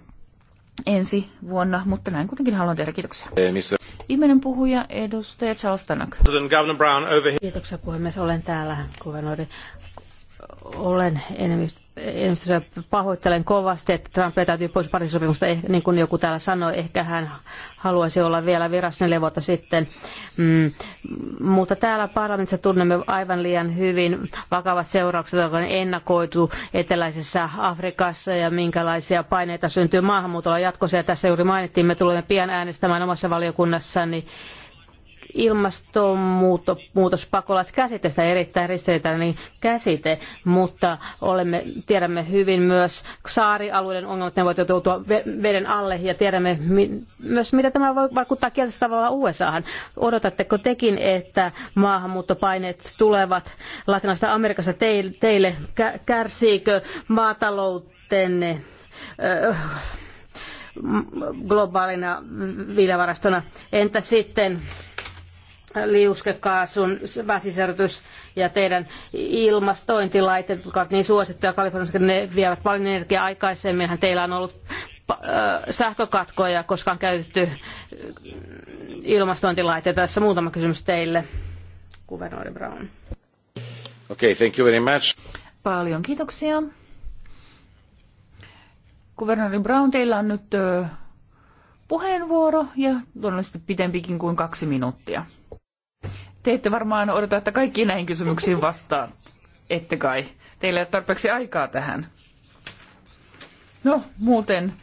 ensi vuonna, mutta näin kuitenkin haluan tehdä. Kiitoksia. Eh, Viimeinen puhuja, edustaja Charles Tanak. Kiitoksia puhemies. Olen täällä kuvenoiden olen enemmistö enemmistö pahoittelen kovasti, että Trump täytyy pois Pariisin sopimusta, eh, niin kuin joku täällä sanoi, ehkä hän haluaisi olla vielä virassa neljä vuotta sitten. Mm, mutta täällä parlamentissa tunnemme aivan liian hyvin vakavat seuraukset, jotka on ennakoitu eteläisessä Afrikassa ja minkälaisia paineita syntyy maahanmuutolla jatkossa. Ja tässä juuri mainittiin, me tulemme pian äänestämään omassa valiokunnassani ilmastonmuutos, pakolaiskäsitestä erittäin ristiriitainen käsite, mutta olemme, tiedämme hyvin myös saarialueiden ongelmat, ne voivat joutua veden alle ja tiedämme myös, mitä tämä voi vaikuttaa kielisellä tavalla USAhan. Odotatteko tekin, että maahanmuuttopaineet tulevat Latinalaisesta Amerikasta teille? Kärsiikö maataloutenne? globaalina viljavarastona. Entä sitten liuskekaasun väsisertys ja teidän ilmastointilaitteet, jotka ovat niin suosittuja Kaliforniassa, ne vievät paljon energiaa aikaisemminhan. Teillä on ollut sähkökatkoja, koska on käytetty ilmastointilaitteita. Tässä muutama kysymys teille, kuvernoori Brown. Okay, thank you very much. Paljon kiitoksia. Kuvernoori Brown, teillä on nyt puheenvuoro ja luonnollisesti pitempikin kuin kaksi minuuttia. Te ette varmaan odota, että kaikkiin näihin kysymyksiin vastaan. Ette kai. Teillä ei ole tarpeeksi aikaa tähän. No, muuten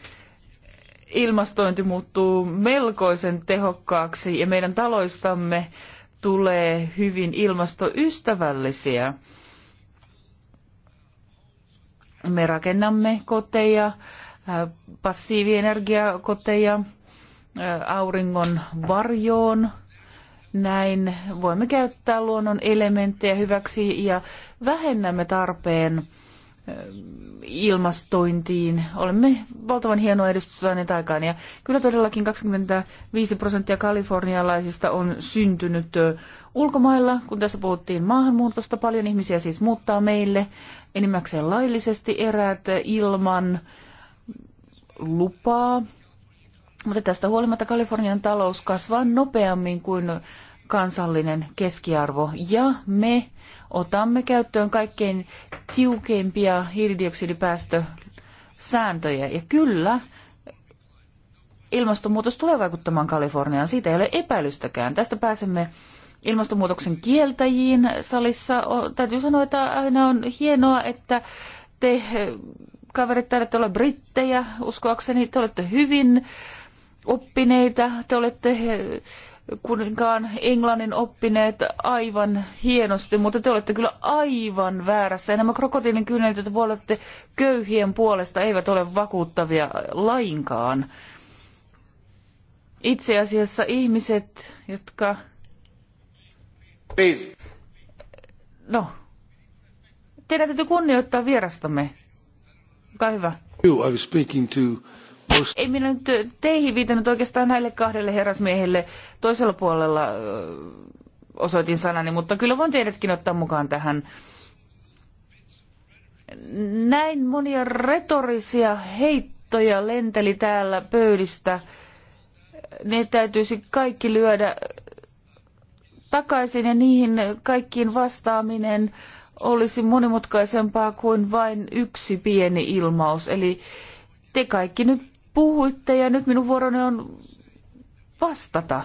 ilmastointi muuttuu melkoisen tehokkaaksi ja meidän taloistamme tulee hyvin ilmastoystävällisiä. Me rakennamme koteja, äh, passiivienergiakoteja äh, auringon varjoon – näin voimme käyttää luonnon elementtejä hyväksi ja vähennämme tarpeen ilmastointiin. Olemme valtavan hienoa edustusta saaneet aikaan. Ja kyllä todellakin 25 prosenttia kalifornialaisista on syntynyt ulkomailla, kun tässä puhuttiin maahanmuutosta. Paljon ihmisiä siis muuttaa meille enimmäkseen laillisesti eräät ilman lupaa. Mutta tästä huolimatta Kalifornian talous kasvaa nopeammin kuin kansallinen keskiarvo ja me otamme käyttöön kaikkein tiukeimpia hiilidioksidipäästösääntöjä. Ja kyllä, ilmastonmuutos tulee vaikuttamaan Kaliforniaan, siitä ei ole epäilystäkään. Tästä pääsemme ilmastonmuutoksen kieltäjiin salissa. Täytyy sanoa, että aina on hienoa, että te kaverit täällä te brittejä, uskoakseni te olette hyvin oppineita, te olette kuninkaan englannin oppineet aivan hienosti, mutta te olette kyllä aivan väärässä. Ja nämä krokotiilin kynnet joita puolette köyhien puolesta, eivät ole vakuuttavia lainkaan. Itse asiassa ihmiset, jotka... Please. No, teidän täytyy kunnioittaa vierastamme. Olkaa hyvä. You, I was speaking to ei minä nyt teihin viitannut oikeastaan näille kahdelle herrasmiehelle toisella puolella osoitin sanani, mutta kyllä voin teidätkin ottaa mukaan tähän. Näin monia retorisia heittoja lenteli täällä pöydistä. Ne täytyisi kaikki lyödä takaisin ja niihin kaikkiin vastaaminen olisi monimutkaisempaa kuin vain yksi pieni ilmaus. Eli te kaikki nyt puhuitte ja nyt minun vuoroni on vastata.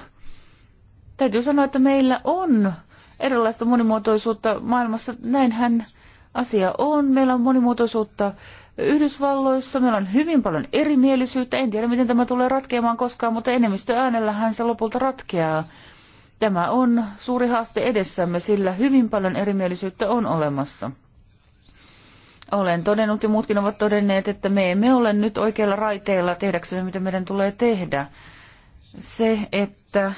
Täytyy sanoa, että meillä on erilaista monimuotoisuutta maailmassa. Näinhän asia on. Meillä on monimuotoisuutta Yhdysvalloissa. Meillä on hyvin paljon erimielisyyttä. En tiedä, miten tämä tulee ratkeamaan koskaan, mutta äänellähän se lopulta ratkeaa. Tämä on suuri haaste edessämme, sillä hyvin paljon erimielisyyttä on olemassa. Olen todennut ja muutkin ovat todenneet, että me emme ole nyt oikeilla raiteilla tehdäksemme, mitä meidän tulee tehdä. Se, että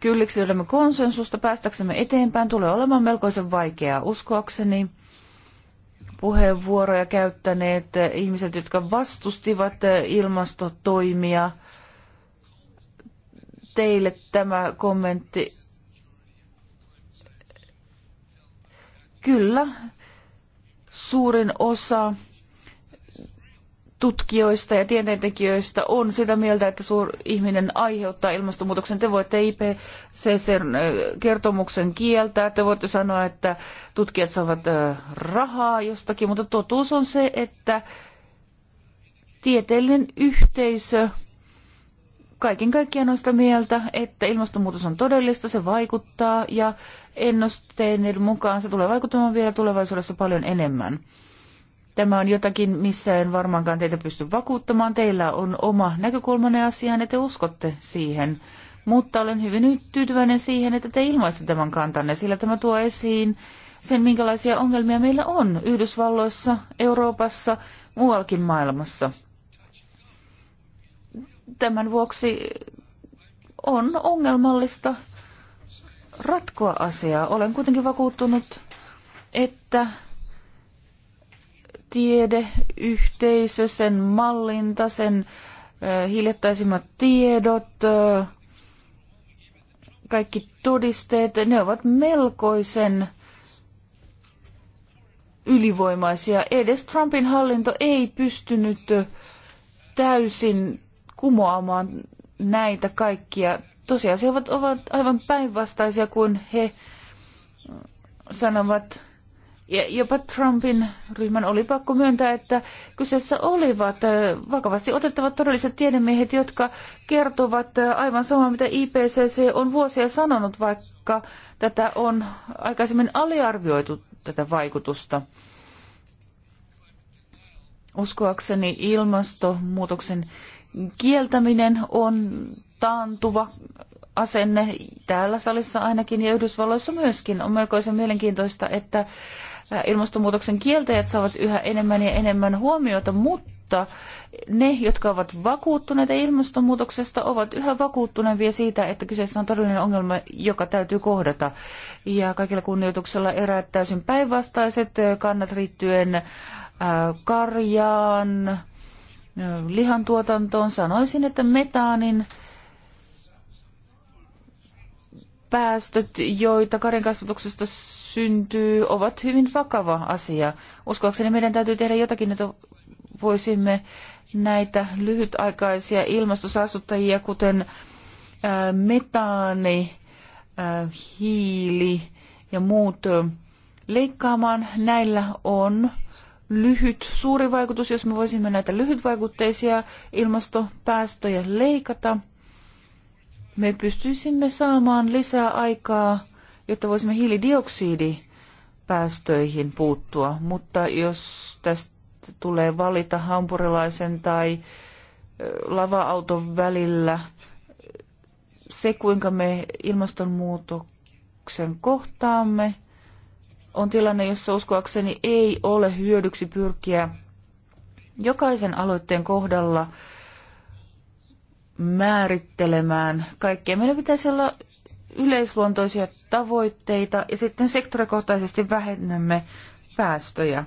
kylliksi löydämme konsensusta päästäksemme eteenpäin, tulee olemaan melkoisen vaikeaa. Uskoakseni puheenvuoroja käyttäneet ihmiset, jotka vastustivat ilmastotoimia, teille tämä kommentti. Kyllä, suurin osa tutkijoista ja tieteentekijöistä on sitä mieltä, että suur ihminen aiheuttaa ilmastonmuutoksen. Te voitte ipcc äh, kertomuksen kieltää, te voitte sanoa, että tutkijat saavat äh, rahaa jostakin, mutta totuus on se, että tieteellinen yhteisö kaiken kaikkiaan on sitä mieltä, että ilmastonmuutos on todellista, se vaikuttaa ja ennusteiden mukaan se tulee vaikuttamaan vielä tulevaisuudessa paljon enemmän. Tämä on jotakin, missä en varmaankaan teitä pysty vakuuttamaan. Teillä on oma näkökulmanne asiaan ja te uskotte siihen. Mutta olen hyvin tyytyväinen siihen, että te ilmaisitte tämän kantanne, sillä tämä tuo esiin sen, minkälaisia ongelmia meillä on Yhdysvalloissa, Euroopassa, muuallakin maailmassa. Tämän vuoksi on ongelmallista ratkoa asiaa. Olen kuitenkin vakuuttunut, että tiedeyhteisö, sen mallinta, sen hiljattaisimmat tiedot, kaikki todisteet, ne ovat melkoisen ylivoimaisia. Edes Trumpin hallinto ei pystynyt täysin kumoamaan näitä kaikkia. Tosiasiat ovat aivan päinvastaisia kuin he äh, sanovat. Ja jopa Trumpin ryhmän oli pakko myöntää, että kyseessä olivat äh, vakavasti otettavat todelliset tiedemiehet, jotka kertovat äh, aivan samaa, mitä IPCC on vuosia sanonut, vaikka tätä on aikaisemmin aliarvioitu tätä vaikutusta. Uskoakseni ilmastonmuutoksen kieltäminen on taantuva asenne täällä salissa ainakin ja Yhdysvalloissa myöskin. On melkoisen mielenkiintoista, että äh, ilmastonmuutoksen kieltäjät saavat yhä enemmän ja enemmän huomiota, mutta ne, jotka ovat vakuuttuneita ilmastonmuutoksesta, ovat yhä vakuuttuneempia siitä, että kyseessä on todellinen ongelma, joka täytyy kohdata. Ja kaikilla kunnioituksella eräät täysin päinvastaiset äh, kannat riittyen äh, karjaan, lihantuotantoon. Sanoisin, että metaanin päästöt, joita karjan kasvatuksesta syntyy, ovat hyvin vakava asia. Uskoakseni meidän täytyy tehdä jotakin, että voisimme näitä lyhytaikaisia ilmastosaastuttajia, kuten metaani, hiili ja muut leikkaamaan. Näillä on lyhyt suuri vaikutus, jos me voisimme näitä lyhytvaikutteisia ilmastopäästöjä leikata. Me pystyisimme saamaan lisää aikaa, jotta voisimme hiilidioksidipäästöihin puuttua, mutta jos tästä tulee valita hampurilaisen tai lava-auton välillä, se kuinka me ilmastonmuutoksen kohtaamme – on tilanne, jossa uskoakseni ei ole hyödyksi pyrkiä jokaisen aloitteen kohdalla määrittelemään kaikkea. Meidän pitäisi olla yleisluontoisia tavoitteita ja sitten sektorikohtaisesti vähennämme päästöjä.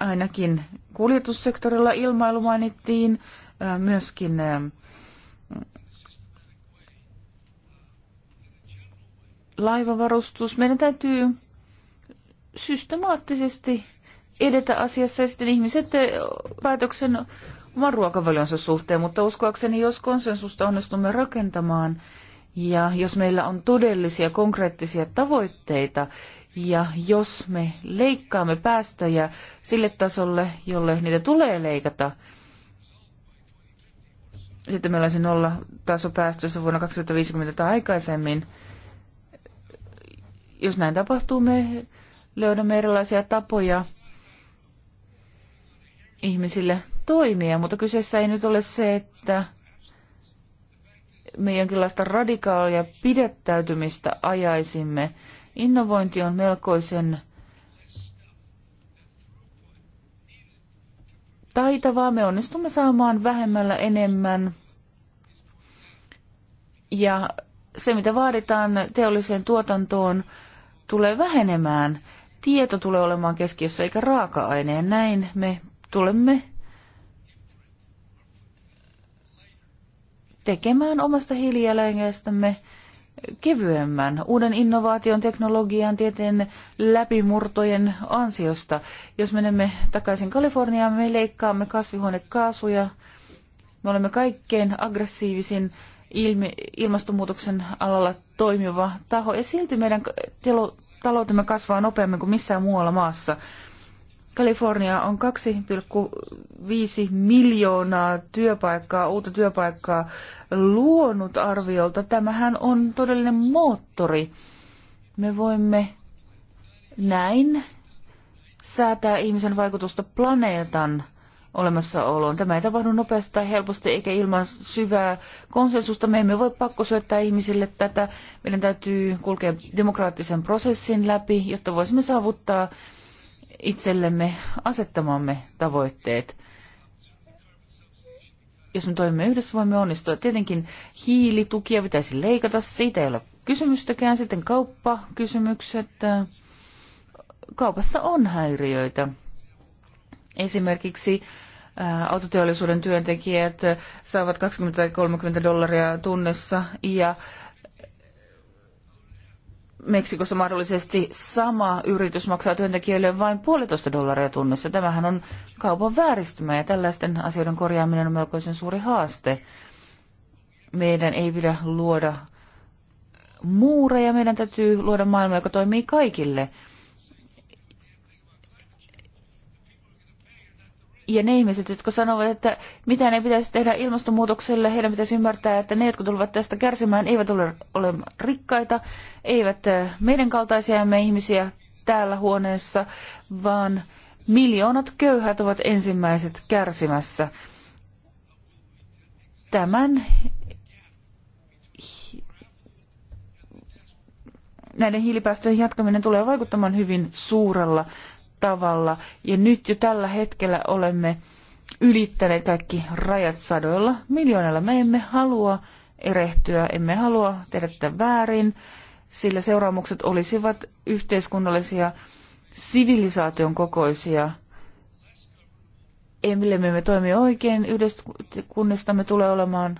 Ainakin kuljetussektorilla ilmailu mainittiin, myöskin laivavarustus. Meidän täytyy systemaattisesti edetä asiassa ja sitten ihmiset eh, päätöksen oman ruokavalionsa suhteen, mutta uskoakseni, jos konsensusta onnistumme rakentamaan ja jos meillä on todellisia konkreettisia tavoitteita ja jos me leikkaamme päästöjä sille tasolle, jolle niitä tulee leikata, sitten meillä olisi nolla taso päästössä vuonna 2050 tai aikaisemmin. Jos näin tapahtuu, me löydämme erilaisia tapoja ihmisille toimia, mutta kyseessä ei nyt ole se, että me jonkinlaista radikaalia pidettäytymistä ajaisimme. Innovointi on melkoisen taitavaa. Me onnistumme saamaan vähemmällä enemmän. Ja se, mitä vaaditaan teolliseen tuotantoon, tulee vähenemään tieto tulee olemaan keskiössä eikä raaka-aineen. Näin me tulemme tekemään omasta hiilijalanjäljestämme kevyemmän uuden innovaation, teknologian, tieteen läpimurtojen ansiosta. Jos menemme takaisin Kaliforniaan, me leikkaamme kasvihuonekaasuja. Me olemme kaikkein aggressiivisin ilmi- ilmastonmuutoksen alalla toimiva taho ja silti meidän taloutemme kasvaa nopeammin kuin missään muualla maassa. Kalifornia on 2,5 miljoonaa työpaikkaa, uutta työpaikkaa luonut arviolta. Tämähän on todellinen moottori. Me voimme näin säätää ihmisen vaikutusta planeetan olemassaoloon. Tämä ei tapahdu nopeasti tai helposti eikä ilman syvää konsensusta. Me emme voi pakko syöttää ihmisille tätä. Meidän täytyy kulkea demokraattisen prosessin läpi, jotta voisimme saavuttaa itsellemme asettamamme tavoitteet. Jos me toimimme yhdessä, voimme onnistua. Tietenkin hiilitukia pitäisi leikata, siitä ei ole kysymystäkään. Sitten kauppakysymykset. Kaupassa on häiriöitä. Esimerkiksi autoteollisuuden työntekijät saavat 20-30 dollaria tunnissa ja Meksikossa mahdollisesti sama yritys maksaa työntekijöille vain puolitoista dollaria tunnissa. Tämähän on kaupan vääristymä ja tällaisten asioiden korjaaminen on melkoisen suuri haaste. Meidän ei pidä luoda muureja, meidän täytyy luoda maailma, joka toimii kaikille. Ja ne ihmiset, jotka sanovat, että mitä ne pitäisi tehdä ilmastonmuutokselle, heidän pitäisi ymmärtää, että ne, jotka tulevat tästä kärsimään, eivät ole, ole rikkaita, eivät eh, meidän kaltaisiamme ihmisiä täällä huoneessa, vaan miljoonat köyhät ovat ensimmäiset kärsimässä. Tämän näiden hiilipäästöjen jatkaminen tulee vaikuttamaan hyvin suurella tavalla. Ja nyt jo tällä hetkellä olemme ylittäneet kaikki rajat sadoilla miljoonilla. Me emme halua erehtyä, emme halua tehdä tätä väärin, sillä seuraamukset olisivat yhteiskunnallisia sivilisaation kokoisia. Emmille me toimi oikein, yhdestä tulee olemaan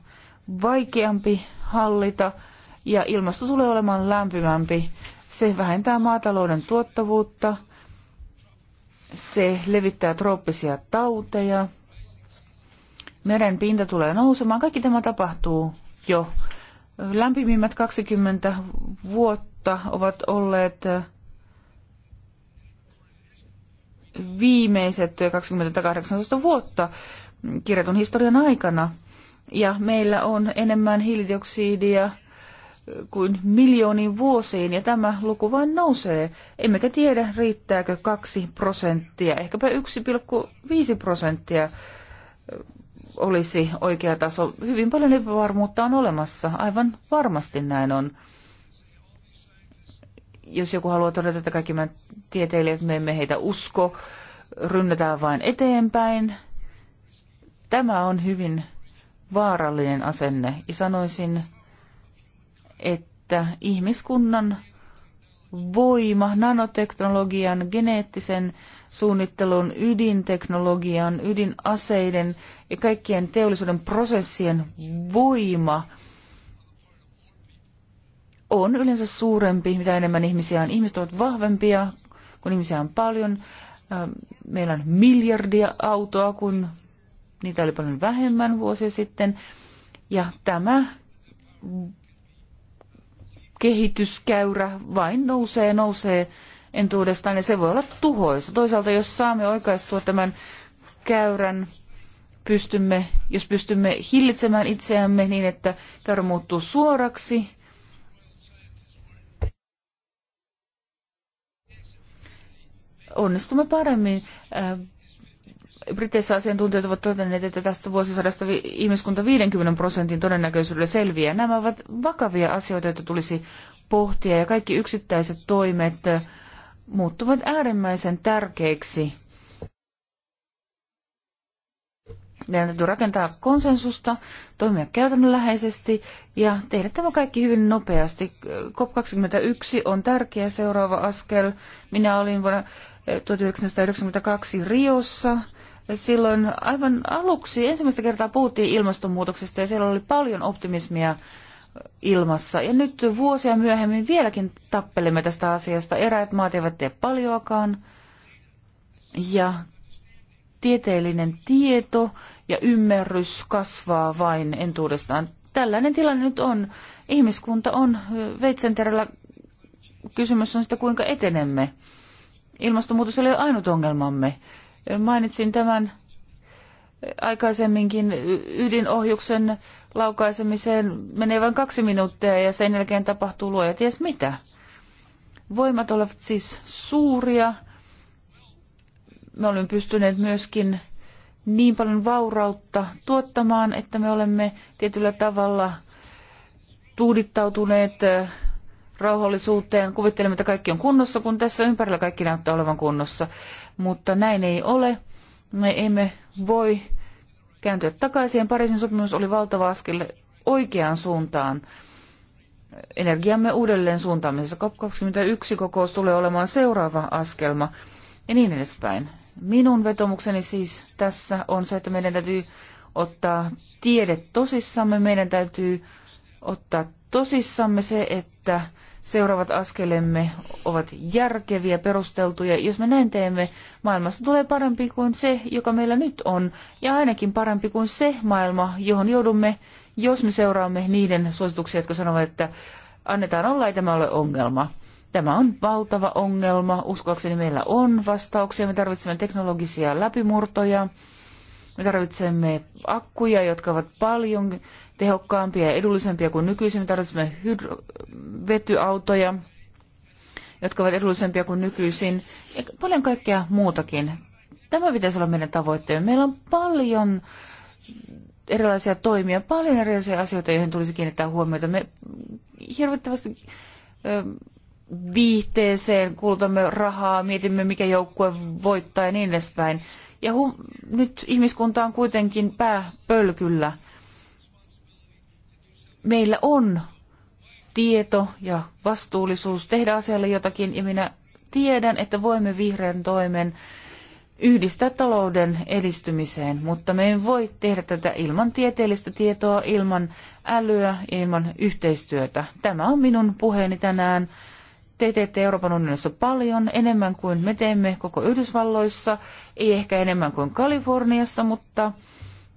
vaikeampi hallita ja ilmasto tulee olemaan lämpimämpi. Se vähentää maatalouden tuottavuutta – se levittää trooppisia tauteja. Meren pinta tulee nousemaan. Kaikki tämä tapahtuu jo. Lämpimimmät 20 vuotta ovat olleet äh, viimeiset 28 vuotta kirjatun historian aikana. Ja meillä on enemmän hiilidioksidia kuin miljooniin vuosiin, ja tämä luku vain nousee. Emmekä tiedä, riittääkö 2 prosenttia, ehkäpä 1,5 prosenttia olisi oikea taso. Hyvin paljon epävarmuutta on olemassa, aivan varmasti näin on. Jos joku haluaa todeta, että kaikki tieteilijät, me emme heitä usko, rynnätään vain eteenpäin. Tämä on hyvin vaarallinen asenne, ja sanoisin, että ihmiskunnan voima nanoteknologian, geneettisen suunnittelun, ydinteknologian, ydinaseiden ja kaikkien teollisuuden prosessien voima on yleensä suurempi, mitä enemmän ihmisiä on. Ihmiset ovat vahvempia, kun ihmisiä on paljon. Ähm, meillä on miljardia autoa, kun niitä oli paljon vähemmän vuosia sitten. Ja tämä kehityskäyrä vain nousee, nousee entuudestaan ja niin se voi olla tuhoisa. Toisaalta jos saamme oikaistua tämän käyrän, pystymme, jos pystymme hillitsemään itseämme niin, että käyrä muuttuu suoraksi, onnistumme paremmin. Äh, Briteissä asiantuntijat ovat todenneet, että tästä vuosisadasta ihmiskunta 50 prosentin todennäköisyydellä selviää. Nämä ovat vakavia asioita, joita tulisi pohtia ja kaikki yksittäiset toimet äh, muuttuvat äärimmäisen tärkeiksi. Meidän täytyy rakentaa konsensusta, toimia käytännönläheisesti ja tehdä tämä kaikki hyvin nopeasti. COP21 on tärkeä seuraava askel. Minä olin vuonna 1992 äh, Riossa silloin aivan aluksi ensimmäistä kertaa puhuttiin ilmastonmuutoksesta ja siellä oli paljon optimismia ilmassa. Ja nyt vuosia myöhemmin vieläkin tappelemme tästä asiasta. Eräät maat eivät tee paljoakaan. Ja tieteellinen tieto ja ymmärrys kasvaa vain entuudestaan. Tällainen tilanne nyt on. Ihmiskunta on veitsenterällä. Kysymys on sitä, kuinka etenemme. Ilmastonmuutos ei ole ainut ongelmamme. Mainitsin tämän aikaisemminkin ydinohjuksen laukaisemiseen menee vain kaksi minuuttia ja sen jälkeen tapahtuu luoja ties mitä. Voimat olivat siis suuria. Me olemme pystyneet myöskin niin paljon vaurautta tuottamaan, että me olemme tietyllä tavalla tuudittautuneet rauhallisuuteen. Kuvittelemme, että kaikki on kunnossa, kun tässä ympärillä kaikki näyttää olevan kunnossa. Mutta näin ei ole. Me emme voi kääntyä takaisin. Pariisin sopimus oli valtava askel oikeaan suuntaan. Energiamme uudelleen suuntaamisessa COP21 kokous tulee olemaan seuraava askelma ja niin edespäin. Minun vetomukseni siis tässä on se, että meidän täytyy ottaa tiede tosissamme. Meidän täytyy ottaa tosissamme se, että seuraavat askelemme ovat järkeviä, perusteltuja. Jos me näin teemme, maailmasta tulee parempi kuin se, joka meillä nyt on, ja ainakin parempi kuin se maailma, johon joudumme, jos me seuraamme niiden suosituksia, jotka sanovat, että annetaan olla, ei tämä ole ongelma. Tämä on valtava ongelma. Uskoakseni meillä on vastauksia. Me tarvitsemme teknologisia läpimurtoja. Me tarvitsemme akkuja, jotka ovat paljon tehokkaampia ja edullisempia kuin nykyisin. Me tarvitsemme vetyautoja, jotka ovat edullisempia kuin nykyisin, ja paljon kaikkea muutakin. Tämä pitäisi olla meidän tavoitteemme. Meillä on paljon erilaisia toimia, paljon erilaisia asioita, joihin tulisi kiinnittää huomiota. Me hirvittävästi ö, viihteeseen kulutamme rahaa, mietimme mikä joukkue voittaa ja niin edespäin. Ja nyt ihmiskunta on kuitenkin pääpölkyllä meillä on tieto ja vastuullisuus tehdä asialle jotakin, ja minä tiedän, että voimme vihreän toimen yhdistää talouden edistymiseen, mutta me ei voi tehdä tätä ilman tieteellistä tietoa, ilman älyä, ilman yhteistyötä. Tämä on minun puheeni tänään. Te teette Euroopan unionissa paljon, enemmän kuin me teemme koko Yhdysvalloissa, ei ehkä enemmän kuin Kaliforniassa, mutta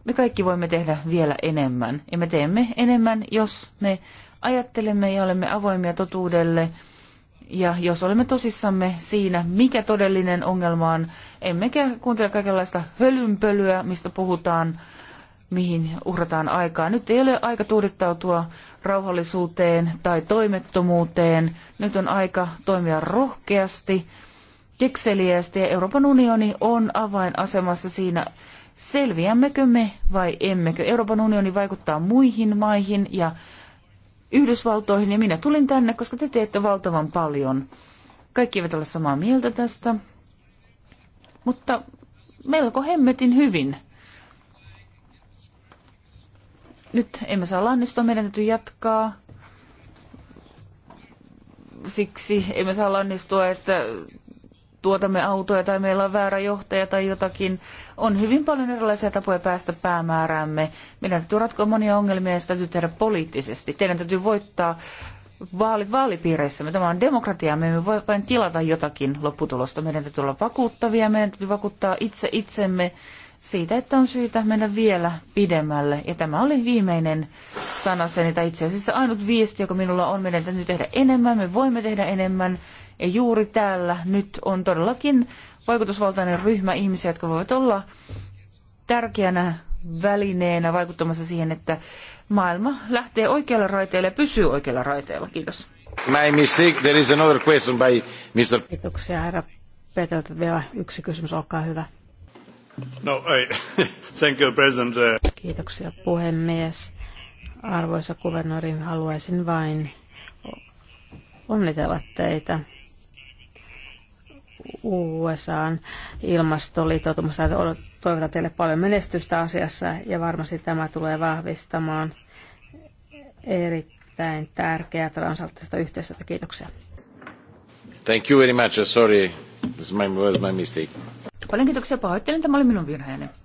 me kaikki voimme tehdä vielä enemmän. Ja me teemme enemmän, jos me ajattelemme ja olemme avoimia totuudelle. Ja jos olemme tosissamme siinä, mikä todellinen ongelma on, emmekä kuuntele kaikenlaista hölynpölyä, mistä puhutaan, mihin uhrataan aikaa. Nyt ei ole aika tuudittautua rauhallisuuteen tai toimettomuuteen. Nyt on aika toimia rohkeasti, kekseliästi ja Euroopan unioni on avainasemassa siinä, selviämmekö me vai emmekö. Euroopan unioni vaikuttaa muihin maihin ja Yhdysvaltoihin ja minä tulin tänne, koska te teette valtavan paljon. Kaikki eivät ole samaa mieltä tästä, mutta melko hemmetin hyvin. Nyt emme saa lannistua, meidän täytyy jatkaa. Siksi emme saa lannistua, että tuotamme autoja tai meillä on väärä johtaja tai jotakin. On hyvin paljon erilaisia tapoja päästä päämäärämme. Meidän täytyy ratkoa monia ongelmia ja sitä täytyy tehdä poliittisesti. Teidän täytyy voittaa vaalit vaalipiireissämme. Tämä on demokratia. Me emme voi vain tilata jotakin lopputulosta. Meidän täytyy olla vakuuttavia. Meidän täytyy vakuuttaa itse itsemme siitä, että on syytä mennä vielä pidemmälle. Ja tämä oli viimeinen sanaseni, tai itse asiassa ainut viesti, joka minulla on. Meidän täytyy tehdä enemmän, me voimme tehdä enemmän, ja juuri täällä nyt on todellakin vaikutusvaltainen ryhmä ihmisiä, jotka voivat olla tärkeänä välineenä vaikuttamassa siihen, että maailma lähtee oikealla raiteella ja pysyy oikealla raiteella. Kiitos. My mistake, there is another question by Mr. Kiitoksia, herra Vielä yksi kysymys, olkaa hyvä. No, [LAUGHS] Thank you, President. Kiitoksia, puhemies. Arvoisa kuvernööri, haluaisin vain onnitella teitä USAn ilmastoliitoutumasta. Toivotan teille paljon menestystä asiassa ja varmasti tämä tulee vahvistamaan erittäin tärkeää transatlanttista yhteistyötä. Kiitoksia. Thank you very much. Sorry, this was my mistake. Paljon kiitoksia. Pahoittelen, tämä oli minun virheeni.